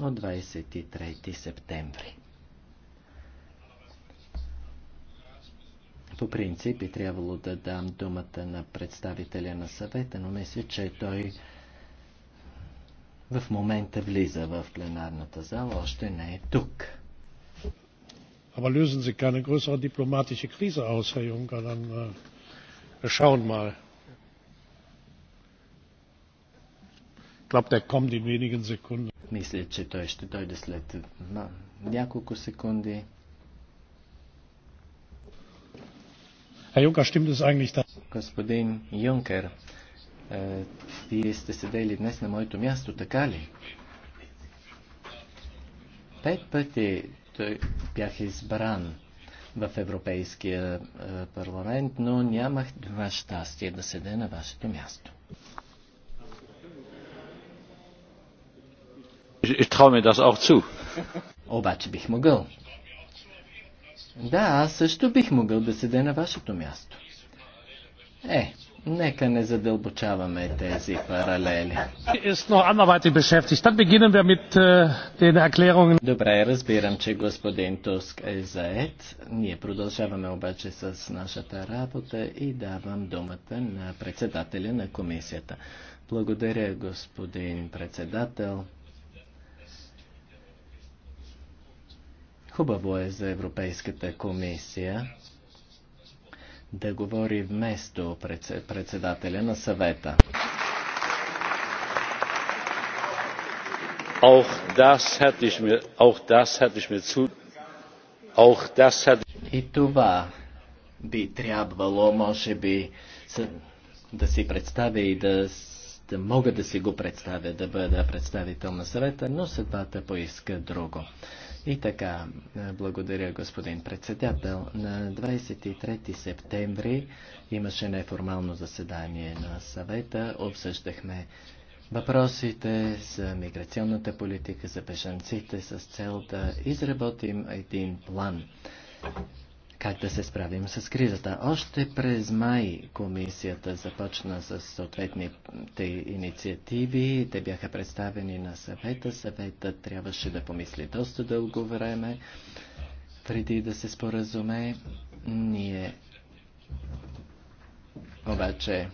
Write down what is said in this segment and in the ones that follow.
от 23 септември. По принцип би трябвало да дам думата на представителя на съвета, но мисля, че той в момента влиза в пленарната зала, още не е тук. Aber lösen Sie keine größere diplomatische Krise aus, Herr Juncker, dann äh, wir schauen mal. Мисля, че той ще дойде след няколко секунди. Господин Юнкер, е, вие сте седели днес на моето място, така ли? Пет пъти той бях избран в Европейския е, парламент, но нямах това щастие да седе на вашето място. Ich traue mir das auch zu. Обаче бих могъл. Да, аз също бих могъл да седя на вашето място. Е, нека не задълбочаваме тези паралели. Äh, Добре, разбирам, че господин Туск е заед. Ние продължаваме обаче с нашата работа и давам думата на председателя на комисията. Благодаря, господин председател. Хубаво е за Европейската комисия да говори вместо председателя на съвета. И това би трябвало, може би, да си представя и да, да мога да си го представя, да бъда представител на съвета, но съдбата поиска друго. И така, е, благодаря господин председател. На 23 септември имаше неформално заседание на съвета. Обсъждахме въпросите за миграционната политика, за бежанците с цел да изработим един план как да се справим с кризата. Още през май комисията започна с съответните инициативи. Те бяха представени на съвета. Съвета трябваше да помисли доста дълго време преди да се споразуме. Ние обаче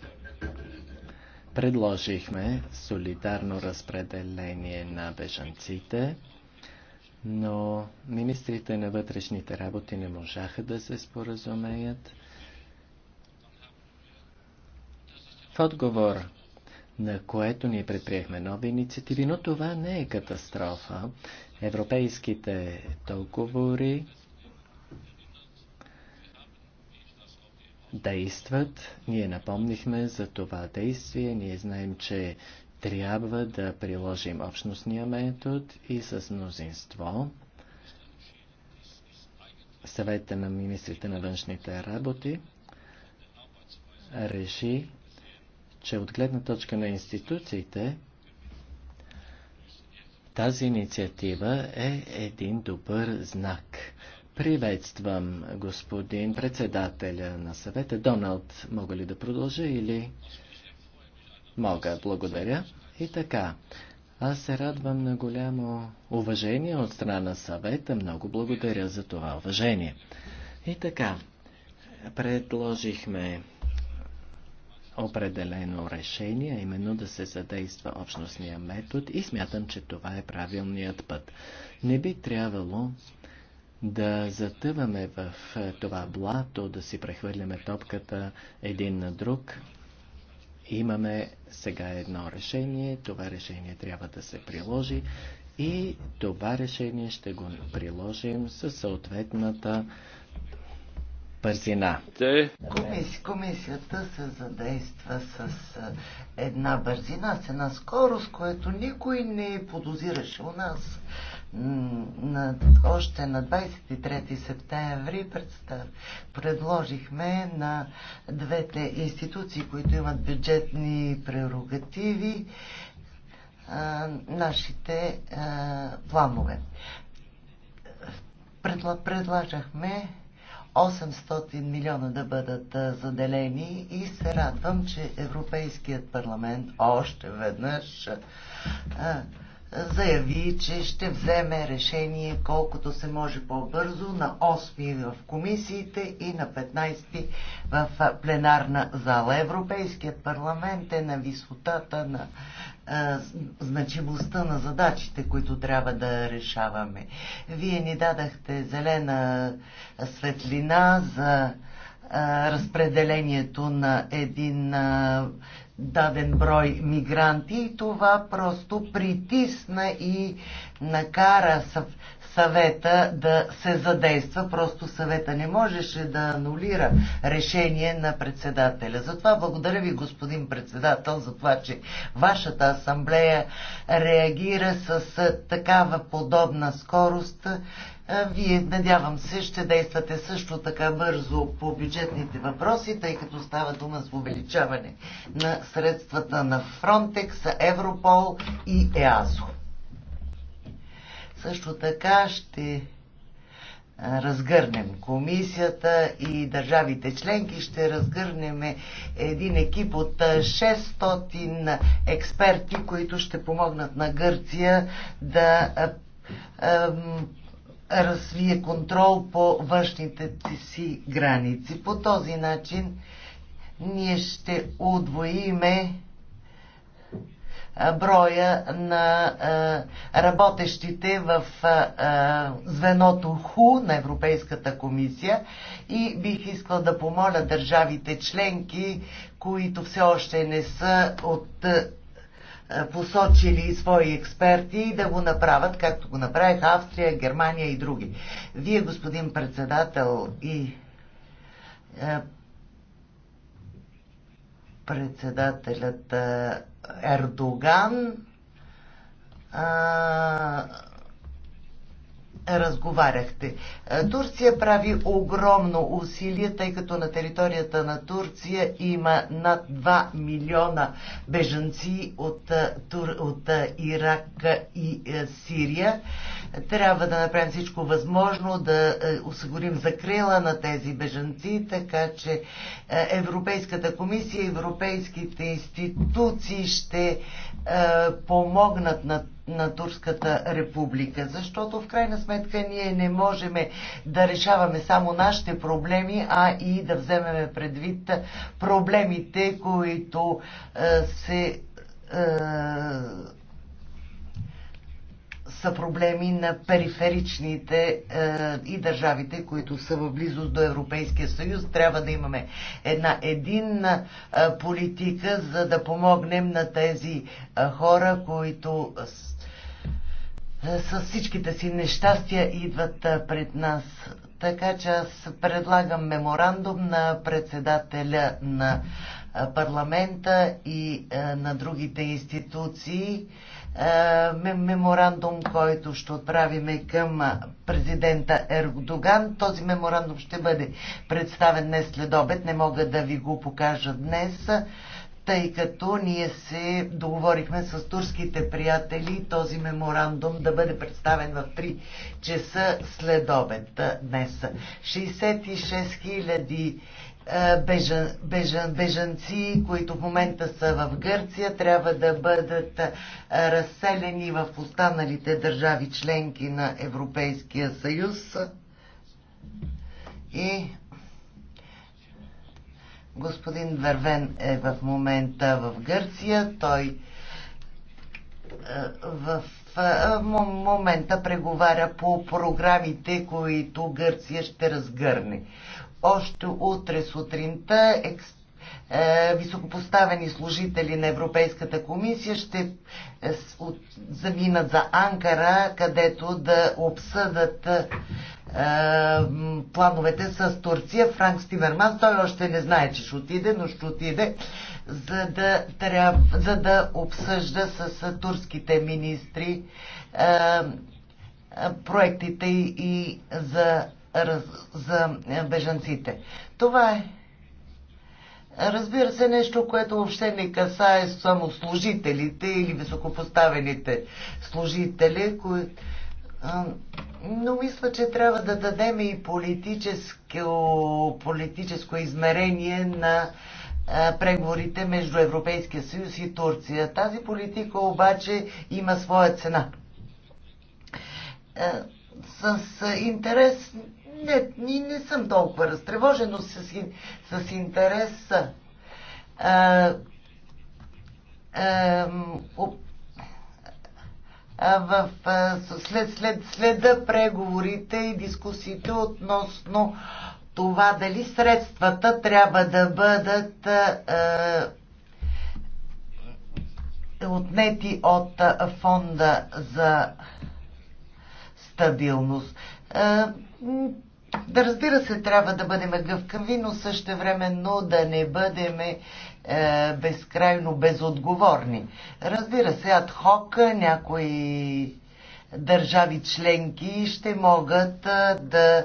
предложихме солидарно разпределение на бежанците – но министрите на вътрешните работи не можаха да се споразумеят. В отговор на което ние предприехме нови инициативи, но това не е катастрофа. Европейските договори действат. Ние напомнихме за това действие. Ние знаем, че трябва да приложим общностния метод и с мнозинство съвета на министрите на външните работи реши, че от гледна точка на институциите тази инициатива е един добър знак. Приветствам господин председателя на съвета. Доналд, мога ли да продължа или Мога, благодаря. И така, аз се радвам на голямо уважение от страна на съвета. Много благодаря за това уважение. И така, предложихме определено решение, именно да се задейства общностния метод и смятам, че това е правилният път. Не би трябвало да затъваме в това блато, да си прехвърляме топката един на друг, Имаме сега едно решение, това решение трябва да се приложи и това решение ще го приложим със съответната бързина. комисията се задейства с една бързина, с една скорост, което никой не подозираше у нас на, още на 23 септември представ, предложихме на двете институции, които имат бюджетни прерогативи, а, нашите а, планове. Предла, предлагахме 800 милиона да бъдат заделени и се радвам, че Европейският парламент още веднъж а, заяви, че ще вземе решение колкото се може по-бързо на 8 в комисиите и на 15 в пленарна зала. Европейският парламент е на висотата на е, значимостта на задачите, които трябва да решаваме. Вие ни дадахте зелена светлина за е, разпределението на един е, даден брой мигранти и това просто притисна и накара съвета да се задейства. Просто съвета не можеше да анулира решение на председателя. Затова благодаря ви, господин председател, за това, че вашата асамблея реагира с такава подобна скорост вие, надявам се, ще действате също така бързо по бюджетните въпроси, тъй като става дума с увеличаване на средствата на Frontex, Европол и ЕАСО. Също така ще разгърнем комисията и държавите членки. Ще разгърнем един екип от 600 експерти, които ще помогнат на Гърция да развие контрол по външните си граници. По този начин ние ще удвоиме броя на работещите в звеното ХУ на Европейската комисия и бих искал да помоля държавите членки, които все още не са от посочили свои експерти и да го направят, както го направих Австрия, Германия и други. Вие, господин председател и председателят Ердоган а, разговаряхте. Турция прави огромно усилие, тъй като на територията на Турция има над 2 милиона бежанци от, от Ирак и Сирия. Трябва да направим всичко възможно, да е, осигурим закрила на тези бежанци, така че е, Европейската комисия, европейските институции ще е, помогнат на на Турската република, защото в крайна сметка ние не можем да решаваме само нашите проблеми, а и да вземеме предвид проблемите, които се са проблеми на периферичните е, и държавите, които са в близост до Европейския съюз. Трябва да имаме една единна е, политика, за да помогнем на тези е, хора, които е, с всичките си нещастия идват е, пред нас. Така че аз предлагам меморандум на председателя на е, парламента и е, на другите институции. Е, меморандум, който ще отправиме към президента Ердоган. Този меморандум ще бъде представен днес след обед. Не мога да ви го покажа днес, тъй като ние се договорихме с турските приятели този меморандум да бъде представен в 3 часа след обед днес. 66 000 бежан, бежан, бежанци, които в момента са в Гърция, трябва да бъдат е, разселени в останалите държави членки на Европейския съюз. И господин Вервен е в момента в Гърция. Той е, в е, момента преговаря по програмите, които Гърция ще разгърне. Още утре сутринта е, високопоставени служители на Европейската комисия ще е, заминат за Анкара, където да обсъдат е, плановете с Турция. Франк Стиверман, той още не знае, че ще отиде, но ще отиде, за да, тряб, за да обсъжда с турските министри проектите и за за бежанците. Това е Разбира се, нещо, което въобще не касае само служителите или високопоставените служители, кои... но мисля, че трябва да дадем и политическо, политическо измерение на преговорите между Европейския съюз и Турция. Тази политика обаче има своя цена. С интерес не, не, не съм толкова разтревожен, но с, с интерес а, а, в, след, след, следа преговорите и дискусиите относно това дали средствата трябва да бъдат а, отнети от фонда за стабилност. Да разбира се, трябва да бъдем гъвкави, но същевременно да не бъдем е, безкрайно безотговорни. Разбира се, адхок някои държави членки ще могат да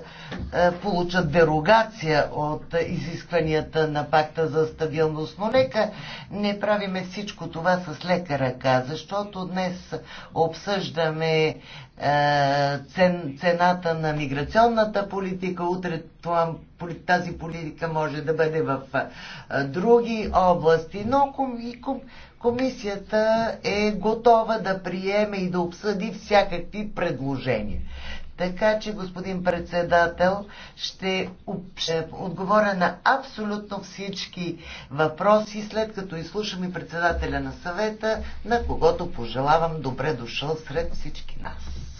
получат дерогация от изискванията на пакта за стабилност. Но нека не правиме всичко това с лека ръка, защото днес обсъждаме цен, цената на миграционната политика. Утре това, тази политика може да бъде в други области, но и Комисията е готова да приеме и да обсъди всякакви предложения. Така че, господин председател, ще отговоря на абсолютно всички въпроси, след като изслушам и председателя на съвета, на когото пожелавам добре дошъл сред всички нас.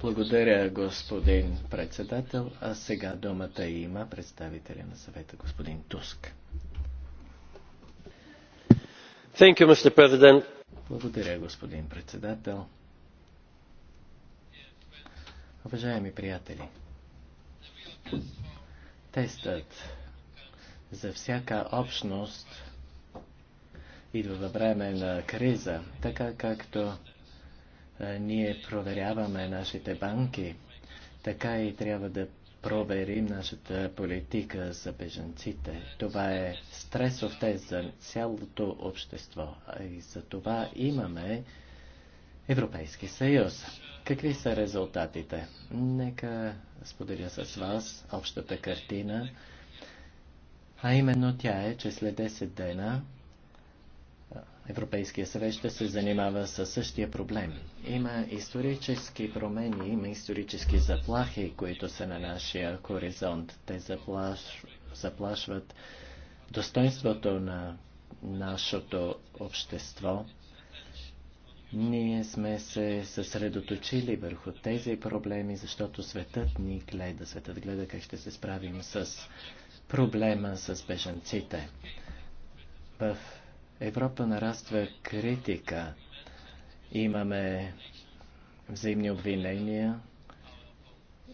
Благодаря, господин председател. А сега думата има представителя на съвета, господин Туск. You, Благодаря, господин председател. Уважаеми приятели, тестът за всяка общност идва във време на криза, така както ние проверяваме нашите банки, така и трябва да проверим нашата политика за беженците. Това е стресов тест за цялото общество. И за това имаме Европейски съюз. Какви са резултатите? Нека споделя с вас общата картина, а именно тя е, че след 10 дена Европейския съвет ще се занимава със същия проблем. Има исторически промени, има исторически заплахи, които са на нашия хоризонт. Те заплаш... заплашват достоинството на нашето общество. Ние сме се съсредоточили върху тези проблеми, защото светът ни гледа. Светът гледа как ще се справим с проблема с бежанците. В Европа нараства критика. Имаме взаимни обвинения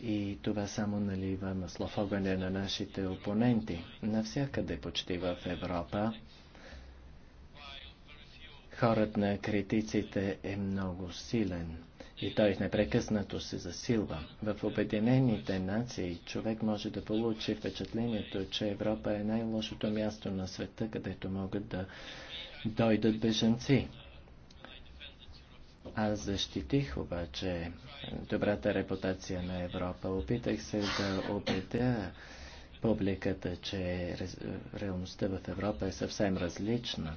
и това само налива масло в огъня на нашите опоненти. Навсякъде почти в Европа хорът на критиците е много силен и той непрекъснато се засилва. В Обединените нации човек може да получи впечатлението, че Европа е най-лошото място на света, където могат да дойдат бежанци. Аз защитих обаче добрата репутация на Европа. Опитах се да убедя публиката, че реалността в Европа е съвсем различна.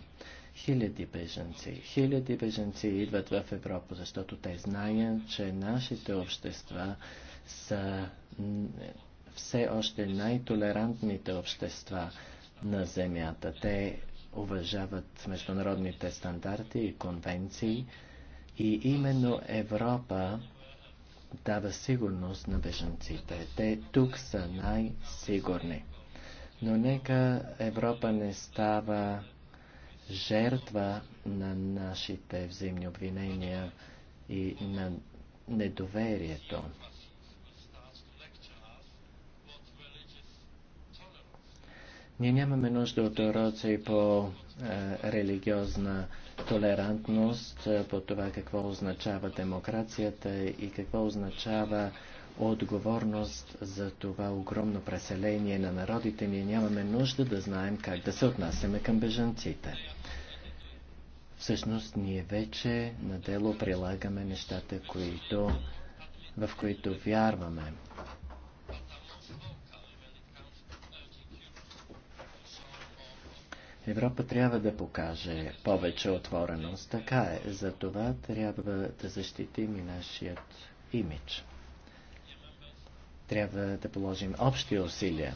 Хиляди беженци, хиляди беженци идват в Европа, защото те знаят, че нашите общества са все още най-толерантните общества на Земята. Те уважават международните стандарти и конвенции и именно Европа дава сигурност на беженците. Те тук са най-сигурни. Но нека Европа не става жертва на нашите взаимни обвинения и на недоверието. Ние нямаме нужда от уроци по е, религиозна толерантност, е, по това какво означава демокрацията и какво означава отговорност за това огромно преселение на народите. Ние нямаме нужда да знаем как да се отнасяме към бежанците. Всъщност ние вече на дело прилагаме нещата, които, в които вярваме. Европа трябва да покаже повече отвореност. Така е. За това трябва да защитим и нашият имидж. Трябва да положим общи усилия.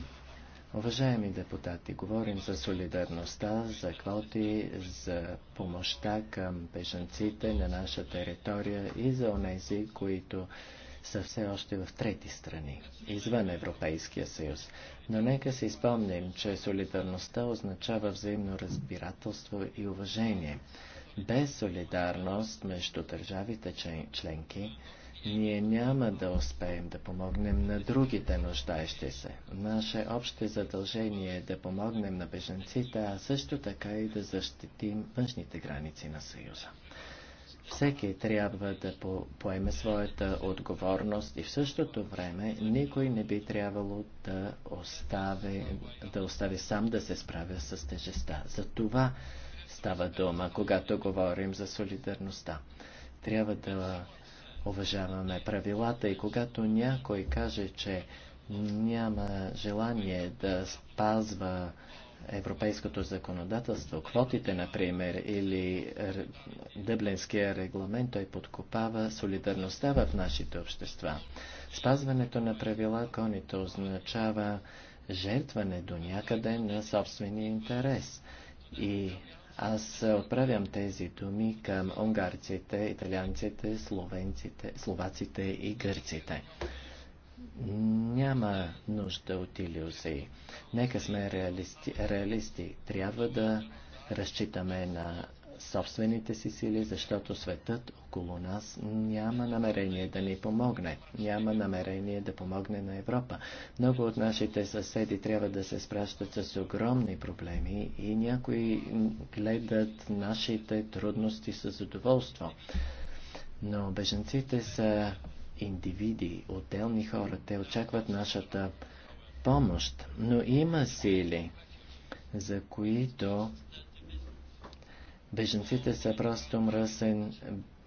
Уважаеми депутати, говорим за солидарността, за квоти, за помощта към бежанците на наша територия и за онези, които са все още в трети страни, извън Европейския съюз. Но нека си спомним, че солидарността означава взаимно разбирателство и уважение. Без солидарност между държавите членки, ние няма да успеем да помогнем на другите нуждаещи се. Наше общо задължение е да помогнем на беженците, а също така и да защитим външните граници на Съюза. Всеки трябва да по поеме своята отговорност и в същото време никой не би трябвало да остави, да остави сам да се справя с тежеста. За това става дума, когато говорим за солидарността. Трябва да уважаваме правилата и когато някой каже, че няма желание да спазва европейското законодателство, квотите, например, или Дъблинския регламент, той подкопава солидарността в нашите общества. Спазването на правила коните означава жертване до някъде на собствения интерес. И аз отправям тези думи към унгарците, италианците, словенците, словаците и гърците няма нужда от иллюзии. Нека сме реалисти. реалисти. Трябва да разчитаме на собствените си сили, защото светът около нас няма намерение да ни помогне. Няма намерение да помогне на Европа. Много от нашите съседи трябва да се спращат с огромни проблеми и някои гледат нашите трудности с задоволство. Но беженците са индивиди, отделни хора. Те очакват нашата помощ. Но има сили, за които беженците са просто мръсен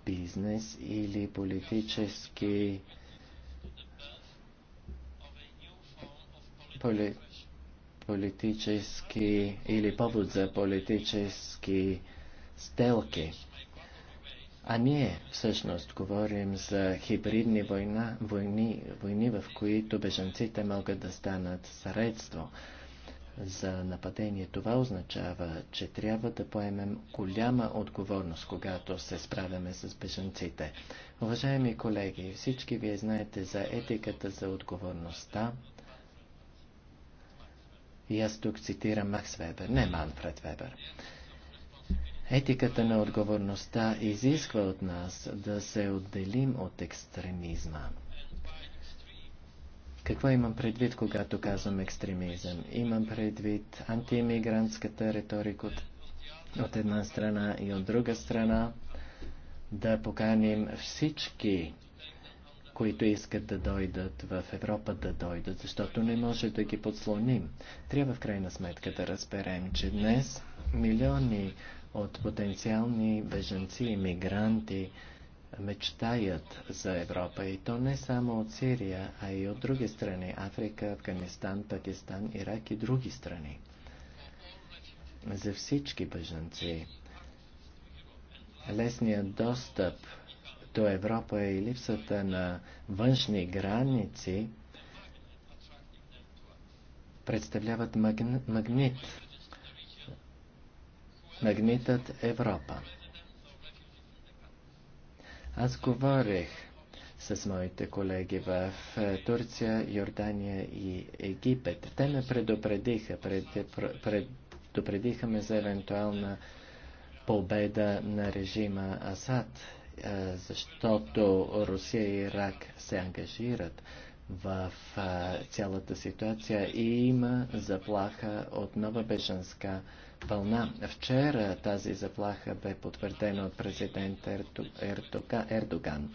бизнес или политически поли, политически или повод за политически сделки. А ние всъщност говорим за хибридни война, войни, войни, в които бежанците могат да станат средство за нападение. Това означава, че трябва да поемем голяма отговорност, когато се справяме с бежанците. Уважаеми колеги, всички вие знаете за етиката, за отговорността. И аз тук цитирам Макс Вебер, не Манфред Вебер. Етиката на отговорността изисква от нас да се отделим от екстремизма. Какво имам предвид, когато казвам екстремизъм? Имам предвид антиимигрантската риторика от, от една страна и от друга страна да поканим всички, които искат да дойдат в Европа, да дойдат, защото не може да ги подслоним. Трябва в крайна сметка да разберем, че днес милиони от потенциални беженци и мигранти мечтаят за Европа и то не само от Сирия, а и от други страни Африка, Афганистан, Пакистан, Ирак и други страни. За всички беженци лесният достъп до Европа и липсата на външни граници представляват магнит Магнитът Европа. Аз говорих с моите колеги в е, Турция, Йордания и Египет. Те ме предупредиха, пред, предупредиха ме за евентуална победа на режима Асад, е, защото Русия и Ирак се ангажират в е, цялата ситуация и има заплаха от нова беженска пълна. Вчера тази заплаха бе потвърдена от президент Ердоган.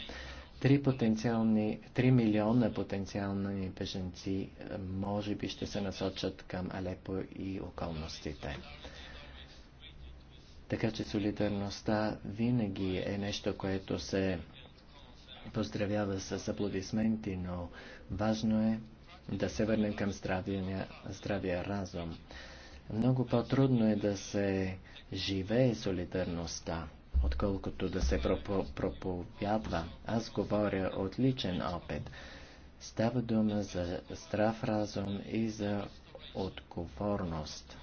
Три, потенциални, 3 милиона потенциални беженци е, може би ще се насочат към Алепо и околностите. Така че солидарността винаги е нещо, което се поздравява с аплодисменти, но важно е да се върнем към здравия, здравия разум. Много по-трудно е да се живее солидарността, отколкото да се проповядва. Аз говоря от личен опит. Става дума за здрав разум и за отговорност.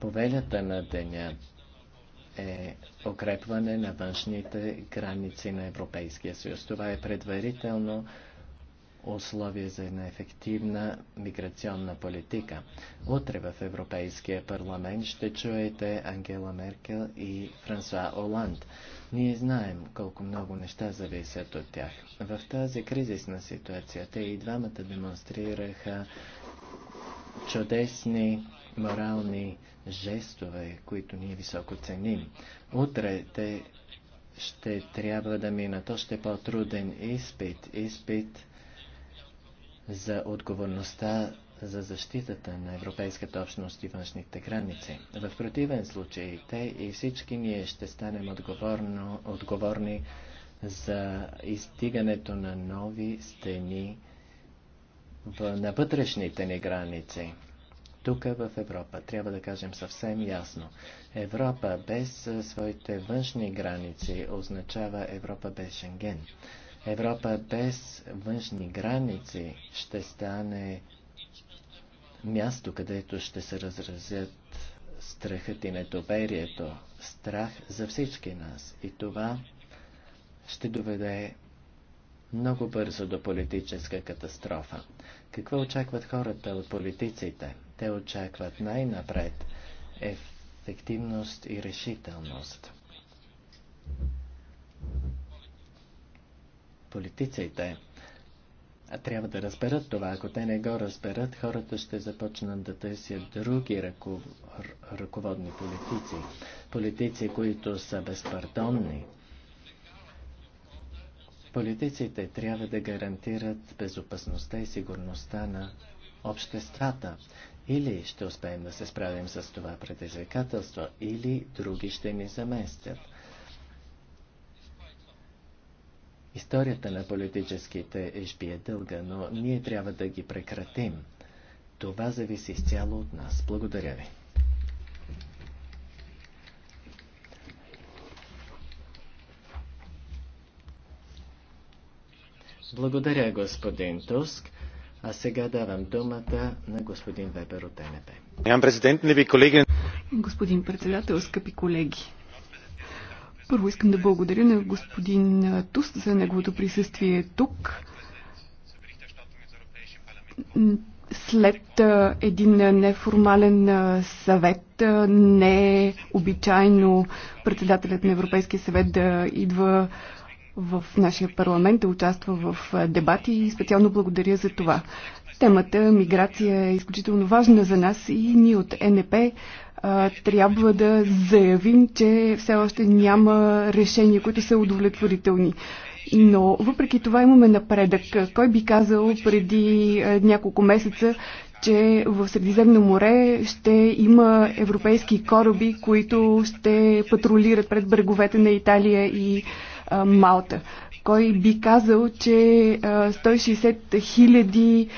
Повелята на деня е укрепване на външните граници на Европейския съюз. Това е предварително Условия за една ефективна миграционна политика. Утре в Европейския парламент ще чуете Ангела Меркел и Франсуа Оланд. Ние знаем колко много неща зависят от тях. В тази кризисна ситуация те и двамата демонстрираха чудесни морални жестове, които ние високо ценим. Утре те ще трябва да минат още по-труден изпит, изпит за отговорността за защитата на Европейската общност и външните граници. В противен случай те и всички ние ще станем отговорно, отговорни за изтигането на нови стени в, на вътрешните ни граници. Тук в Европа трябва да кажем съвсем ясно. Европа без своите външни граници означава Европа без Шенген. Европа без външни граници ще стане място, където ще се разразят страхът и недоверието, страх за всички нас. И това ще доведе много бързо до политическа катастрофа. Какво очакват хората от политиците? Те очакват най-напред ефективност и решителност политиците трябва да разберат това. Ако те не го разберат, хората ще започнат да търсят други ръководни политици. Политици, които са безпардонни. Политиците трябва да гарантират безопасността и сигурността на обществата. Или ще успеем да се справим с това предизвикателство, или други ще ни заместят. Историята на политическите ежби е дълга, но ние трябва да ги прекратим. Това зависи изцяло от нас. Благодаря ви. Благодаря, господин Туск. А сега давам думата на господин Вебер от НП. Господин председател, скъпи колеги, първо искам да благодаря на господин Туст за неговото присъствие тук. След един неформален съвет, не е обичайно председателят на Европейския съвет да идва в нашия парламент, да участва в дебати и специално благодаря за това. Темата миграция е изключително важна за нас и ние от НП а, трябва да заявим, че все още няма решения, които са удовлетворителни. Но въпреки това имаме напредък. Кой би казал преди а, няколко месеца, че в Средиземно море ще има европейски кораби, които ще патрулират пред бреговете на Италия и а, Малта. Кой би казал, че 160 хиляди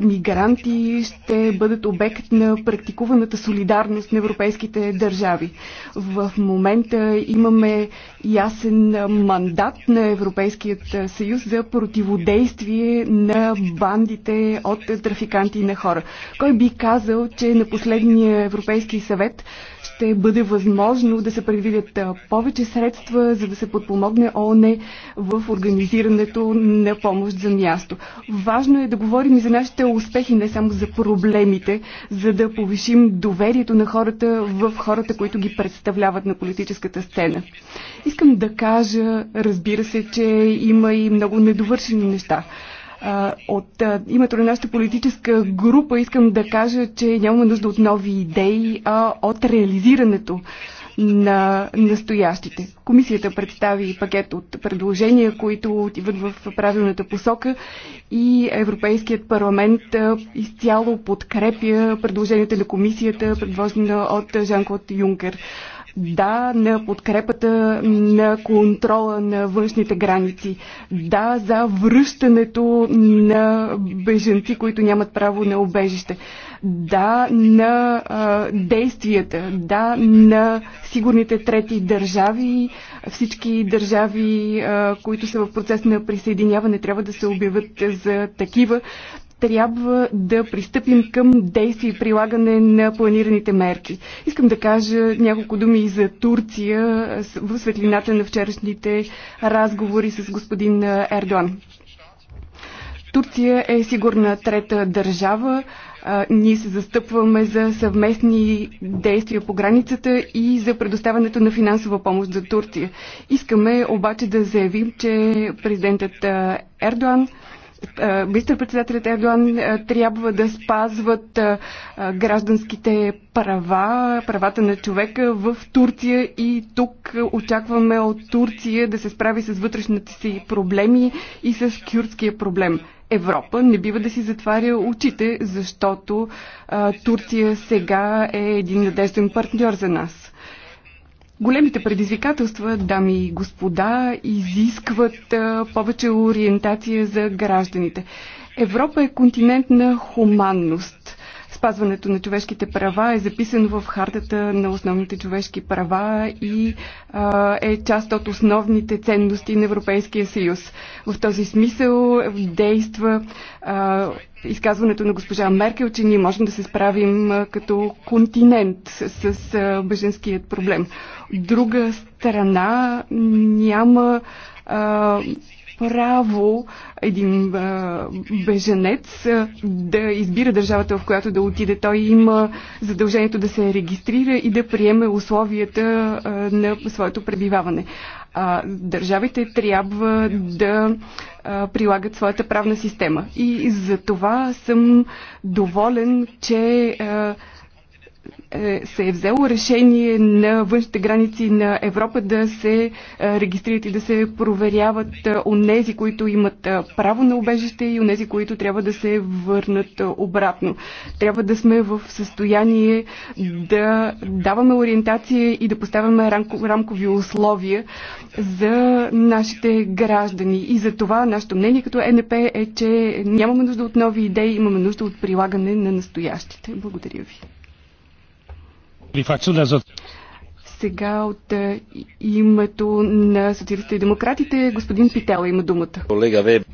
мигранти ще бъдат обект на практикуваната солидарност на европейските държави? В момента имаме ясен мандат на Европейският съюз за противодействие на бандите от трафиканти на хора. Кой би казал, че на последния Европейски съвет ще бъде възможно да се предвидят повече средства, за да се подпомогне ООН в организирането на помощ за място. Важно е да говорим и за нашите успехи, не само за проблемите, за да повишим доверието на хората в хората, които ги представляват на политическата сцена. Искам да кажа, разбира се, че има и много недовършени неща. От името на нашата политическа група искам да кажа, че нямаме нужда от нови идеи, а от реализирането на настоящите. Комисията представи пакет от предложения, които отиват в правилната посока и Европейският парламент изцяло подкрепя предложенията на комисията, предложена от Жан-Клод Юнкер да на подкрепата на контрола на външните граници, да за връщането на беженци, които нямат право на обежище, да на а, действията, да на сигурните трети държави, всички държави, а, които са в процес на присъединяване, трябва да се обявят за такива, трябва да пристъпим към действие и прилагане на планираните мерки. Искам да кажа няколко думи за Турция в светлината на вчерашните разговори с господин Ердоан. Турция е сигурна трета държава. А, ние се застъпваме за съвместни действия по границата и за предоставянето на финансова помощ за Турция. Искаме обаче да заявим, че президентът Ердоан е, министър-председателят Ердоан е, трябва да спазват е, гражданските права, правата на човека в Турция и тук очакваме от Турция да се справи с вътрешните си проблеми и с кюрдския проблем. Европа не бива да си затваря очите, защото Турция сега е един надежден партньор за нас. Големите предизвикателства, дами и господа, изискват повече ориентация за гражданите. Европа е континент на хуманност. Спазването на човешките права е записано в хартата на основните човешки права и а, е част от основните ценности на Европейския съюз. В този смисъл действа а, изказването на госпожа Меркел, че ние можем да се справим а, като континент с, с а, беженският проблем. Друга страна няма а, право един а, беженец а, да избира държавата, в която да отиде. Той има задължението да се регистрира и да приеме условията а, на своето пребиваване. А, държавите трябва да а, прилагат своята правна система. И за това съм доволен, че а, е, се е взело решение на външните граници на Европа да се е, регистрират и да се проверяват е, онези, които имат право на убежище и онези, които трябва да се върнат обратно. Трябва да сме в състояние да даваме ориентация и да поставяме рамкови условия за нашите граждани. И за това нашето мнение като НП е, че нямаме нужда от нови идеи, имаме нужда от прилагане на настоящите. Благодаря ви. Сега от е, името на социалистите и демократите, господин Питела има думата. Колега Веб.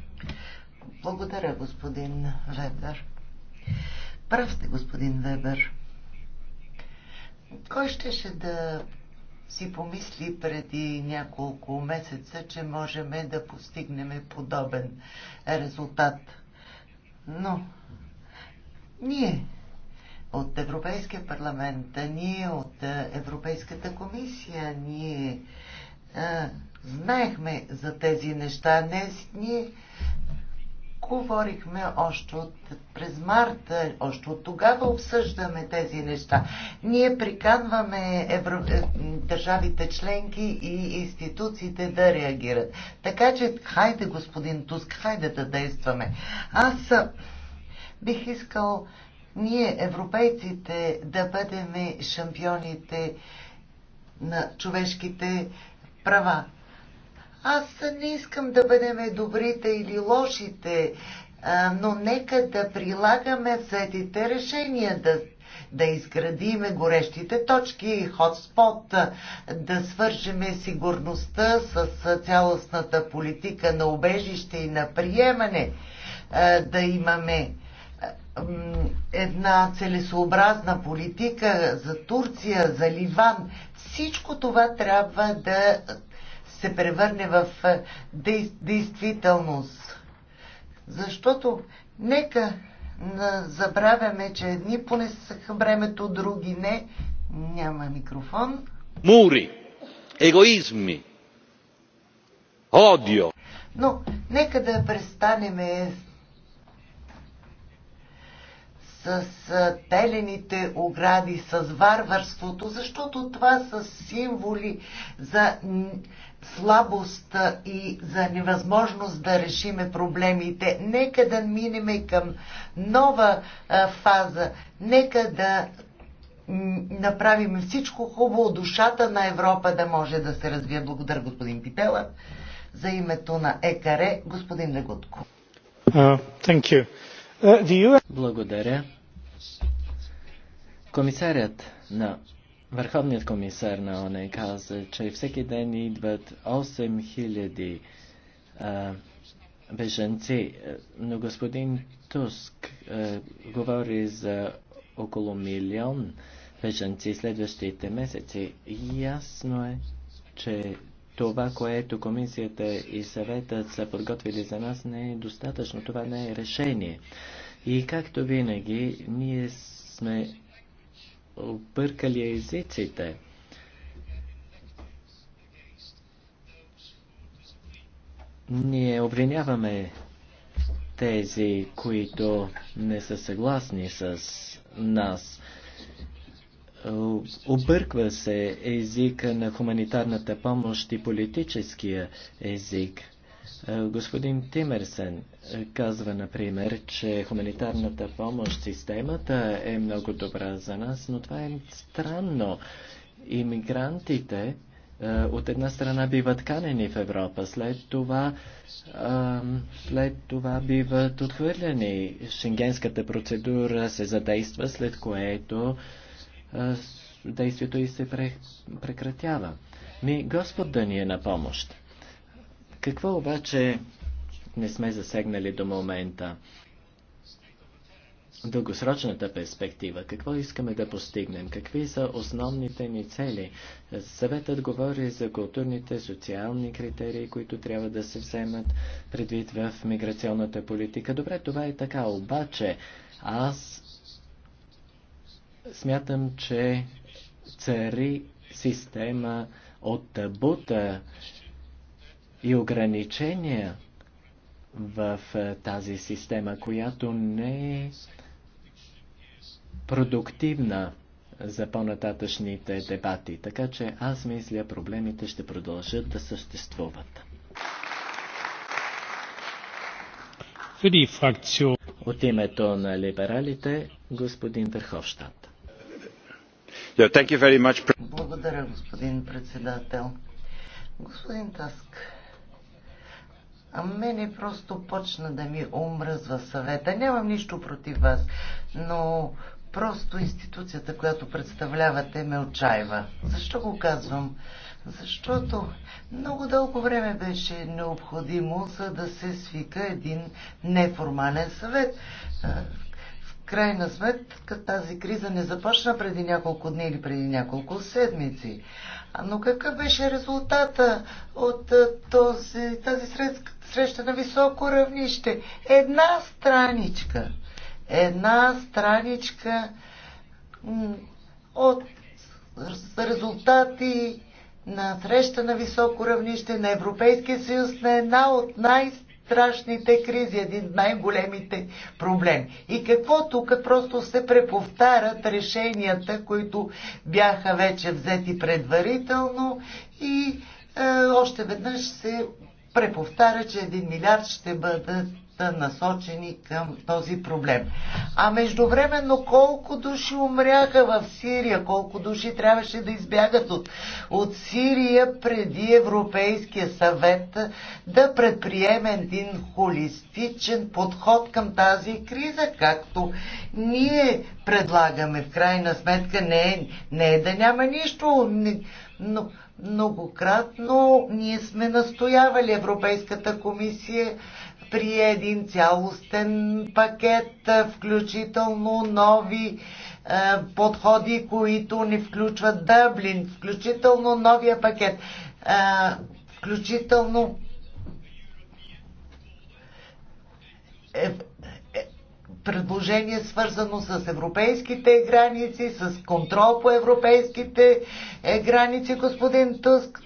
Благодаря, господин Вебер. Прав сте, господин Вебер. Кой щеше да си помисли преди няколко месеца, че можем да постигнем подобен резултат? Но ние от Европейския парламент, а ние от Европейската комисия, ние а, знаехме за тези неща. Днес ние говорихме още от, през марта, още от тогава обсъждаме тези неща. Ние приканваме евро, е, държавите членки и институциите да реагират. Така че, хайде, господин Туск, хайде да действаме. Аз бих искал ние, европейците, да бъдем шампионите на човешките права. Аз не искам да бъдем добрите или лошите, но нека да прилагаме взетите решения, да, да изградиме горещите точки, хотспот, да свържеме сигурността с цялостната политика на убежище и на приемане, да имаме една целесообразна политика за Турция, за Ливан. Всичко това трябва да се превърне в действителност. Защото нека забравяме, че едни понесаха времето, други не. Няма микрофон. Мури, егоизми, одио. Но нека да престанеме с телените огради, с варварството, защото това са символи за слабост и за невъзможност да решиме проблемите. Нека да минеме към нова фаза. Нека да направим всичко хубаво, душата на Европа да може да се развие. Благодаря, господин Питела. За името на ЕКАРЕ, господин Легутко. Uh, thank you. Uh, Благодаря. Комисарят на Върховният комисар на ОНЕ каза, че всеки ден идват 8000 беженци, но господин Туск а, говори за около милион беженци следващите месеци. Ясно е, че това, което комисията и съветът са подготвили за нас, не е достатъчно. Това не е решение. И както винаги, ние сме объркали езиците. Ние обвиняваме тези, които не са съгласни с нас. Обърква се езика на хуманитарната помощ и политическия език. Е, господин Тимерсен е, казва, например, че хуманитарната помощ системата е много добра за нас, но това е странно. Имигрантите е, от една страна биват канени в Европа, след това, след това биват отхвърляни. Шенгенската процедура се задейства, след което действието и се прекратява. Ми Господ да ни е на помощ. Какво обаче не сме засегнали до момента? дългосрочната перспектива, какво искаме да постигнем, какви са основните ни цели. Съветът говори за културните, социални критерии, които трябва да се вземат предвид в миграционната политика. Добре, това е така, обаче аз Смятам, че цари система от табута и ограничения в тази система, която не е продуктивна за по-нататъчните дебати. Така че аз мисля, проблемите ще продължат да съществуват. От името на либералите, господин Верховщад. Благодаря, господин председател. Господин Таск, а мене просто почна да ми омръзва съвета. Нямам нищо против вас, но просто институцията, която представлявате, ме отчаива. Защо го казвам? Защото много дълго време беше необходимо, за да се свика един неформален съвет крайна сметка тази криза не започна преди няколко дни или преди няколко седмици. Но какъв беше резултата от този, тази среща на високо равнище? Една страничка. Една страничка от резултати на среща на високо равнище на Европейския съюз на една от най- страшните кризи, един от най-големите проблеми. И какво тук просто се преповтарят решенията, които бяха вече взети предварително и е, още веднъж се преповтаря, че един милиард ще бъдат насочени към този проблем. А междувременно колко души умряха в Сирия, колко души трябваше да избягат от, от Сирия преди Европейския съвет да предприеме един холистичен подход към тази криза, както ние предлагаме. В крайна сметка не е, не е да няма нищо, но многократно ние сме настоявали Европейската комисия прие един цялостен пакет, включително нови подходи, които не включват Дъблин, включително новия пакет, включително е, е, предложение свързано с европейските граници, с контрол по европейските е, граници, господин Туск.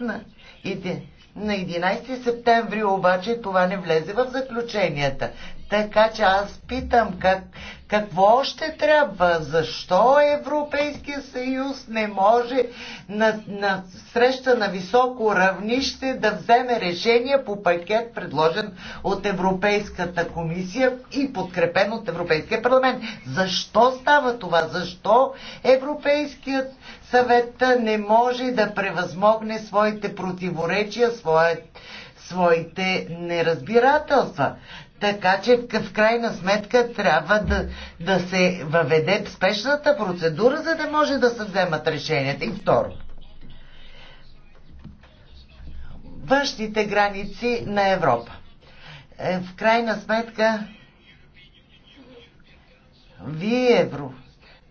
Иде. На 11 септември обаче това не влезе в заключенията. Така че аз питам как, какво още трябва, защо Европейския съюз не може на, на среща на високо равнище да вземе решение по пакет, предложен от Европейската комисия и подкрепен от Европейския парламент. Защо става това? Защо Европейският съвет не може да превъзмогне своите противоречия, своят своите неразбирателства. Така че в крайна сметка трябва да, да се въведе спешната процедура, за да може да се вземат решенията. И второ, външните граници на Европа. Е, в крайна сметка, вие, Евро,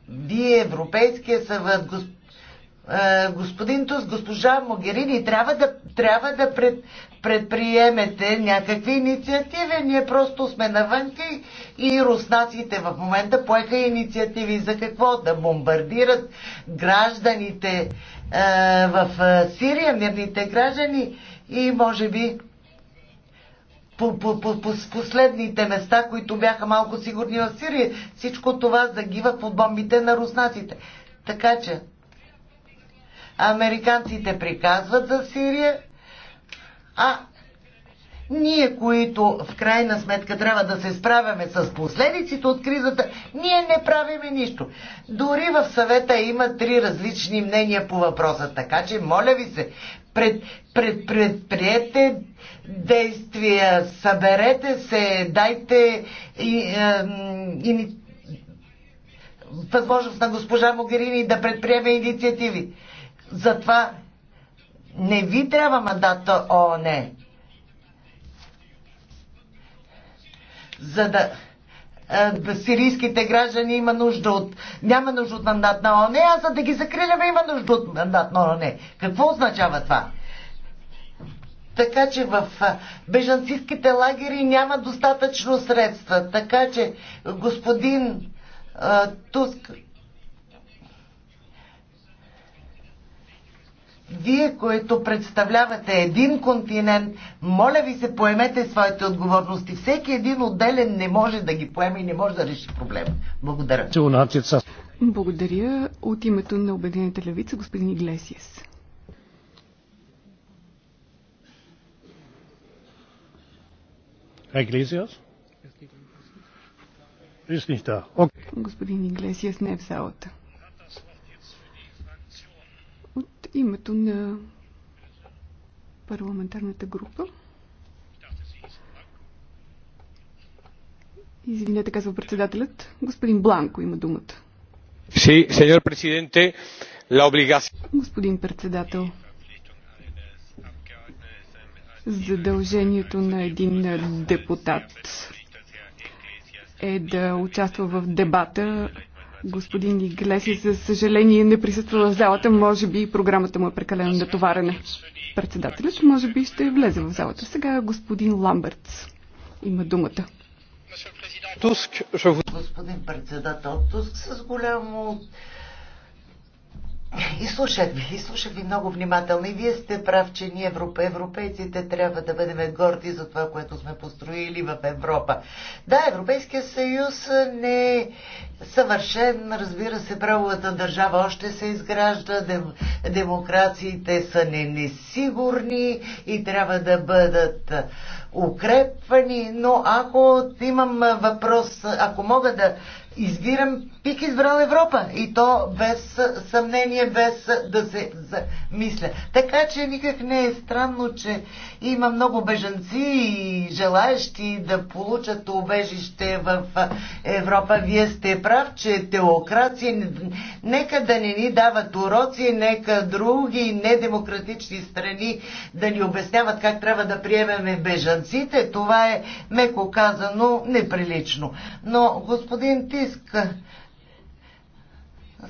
вие Европейския съвет, е, господин Тус, госпожа Могерини, трябва да, трябва да, пред, предприемете някакви инициативи. Ние просто сме навънки и руснаците в момента поеха инициативи за какво? Да бомбардират гражданите е, в е, Сирия, мирните граждани и може би по, по, по, по последните места, които бяха малко сигурни в Сирия, всичко това загива под бомбите на руснаците. Така че американците приказват за Сирия, а ние, които в крайна сметка трябва да се справяме с последиците от кризата, ние не правиме нищо. Дори в съвета има три различни мнения по въпроса, така че моля ви се, пред, пред, предприете действия, съберете се, дайте и, и, възможност на госпожа Могерини да предприеме инициативи. Затова не ви трябва мандат на ООН. За да сирийските граждани има нужда от, няма нужда от мандат на ОНЕ, а за да ги закриляме има нужда от мандат на ООН. Какво означава това? Така че в бежанцистските лагери няма достатъчно средства. Така че господин Туск Вие, които представлявате един континент, моля ви се, поемете своите отговорности. Всеки един отделен не може да ги поеме и не може да реши проблема. Благодаря. Благодаря. От името на Обединената левица, господин Иглесиас. Иглесиас? Господин Иглесиас не е в залата. От името на парламентарната група. Извинете, казва председателят. Господин Бланко има думата. Sí, señor presidente, la obligación... Господин председател, задължението на един депутат е да участва в дебата господин Иглеси, за съжаление, не присъства в залата. Може би програмата му е прекалено натоварена. Председателят може би ще влезе в залата. Сега господин Ламбертс има думата. Господин председател Туск, с голямо и слушах ви, изслушах ви много внимателно и вие сте прав, че ние европе, европейците трябва да бъдем горди за това, което сме построили в Европа. Да, Европейския съюз не е съвършен, разбира се, правовата държава още се изгражда, дем, демокрациите са не, несигурни и трябва да бъдат укрепвани, но ако имам въпрос, ако мога да избирам, бих избрал Европа. И то без съмнение, без да се мисля. Така че никак не е странно, че има много бежанци и желаящи да получат убежище в Европа. Вие сте прав, че теокрация, нека да не ни дават уроци, нека други недемократични страни да ни обясняват как трябва да приемеме бежанците. Това е, меко казано, неприлично. Но господин Ти иска.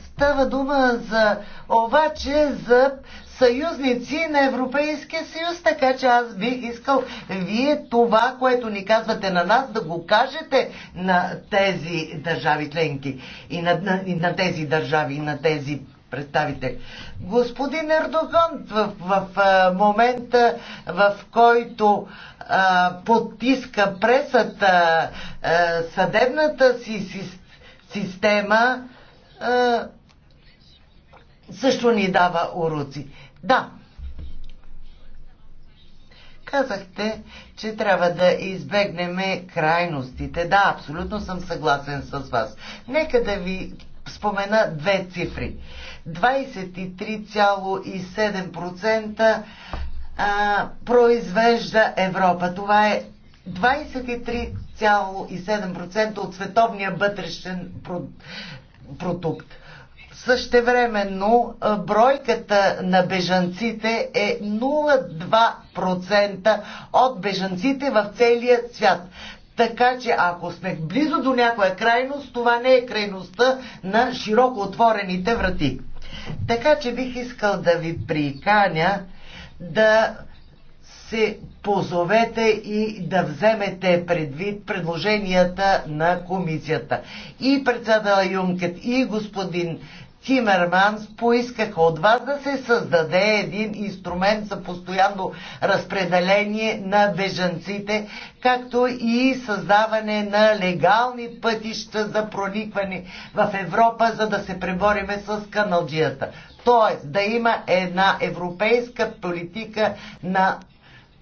Става дума за обаче за съюзници на Европейския съюз, така че аз бих искал вие това, което ни казвате на нас, да го кажете на тези държави членки и на, на, и на тези държави, и на тези представители. Господин Ердоган в, в, в момента, в който а, потиска пресата, а, съдебната си система, система а, също ни дава уроци. Да, Казахте, че трябва да избегнем крайностите. Да, абсолютно съм съгласен с вас. Нека да ви спомена две цифри. 23,7% произвежда Европа. Това е 23 6,7% от световния вътрешен продукт. времено бройката на бежанците е 0,2% от бежанците в целия свят. Така че ако сме близо до някоя крайност, това не е крайността на широко отворените врати. Така че бих искал да ви приканя да се позовете и да вземете предвид предложенията на комисията. И председател Юнкет, и господин Тимерманс поискаха от вас да се създаде един инструмент за постоянно разпределение на бежанците, както и създаване на легални пътища за проникване в Европа, за да се пребориме с каналджията. Тоест да има една европейска политика на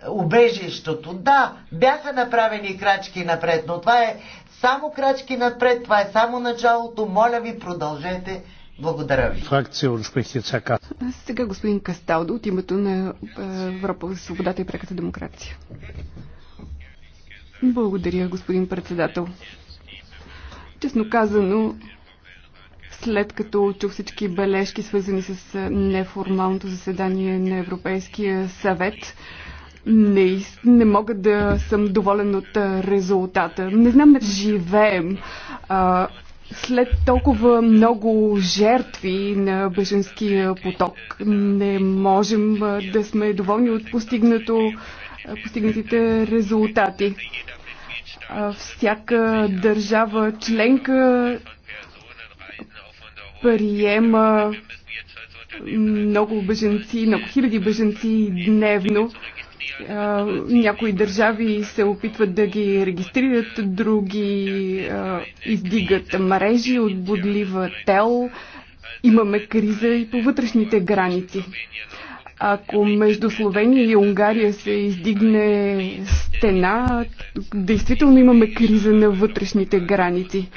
убежището. Да, бяха направени крачки напред, но това е само крачки напред, това е само началото. Моля ви, продължете. Благодаря ви. Фракция Сега господин Касталдо от името на е, Европа за свободата и преката демокрация. Благодаря, господин председател. Честно казано, след като чух всички бележки, свързани с е, неформалното заседание на Европейския съвет, не, не мога да съм доволен от резултата. Не знам да живеем а, след толкова много жертви на беженския поток. Не можем да сме доволни от постигнато, постигнатите резултати. А, всяка държава членка приема много беженци, много хиляди беженци дневно. Някои държави се опитват да ги регистрират, други издигат мрежи от бодлива тел. Имаме криза и по вътрешните граници. Ако между Словения и Унгария се издигне стена, действително имаме криза на вътрешните граници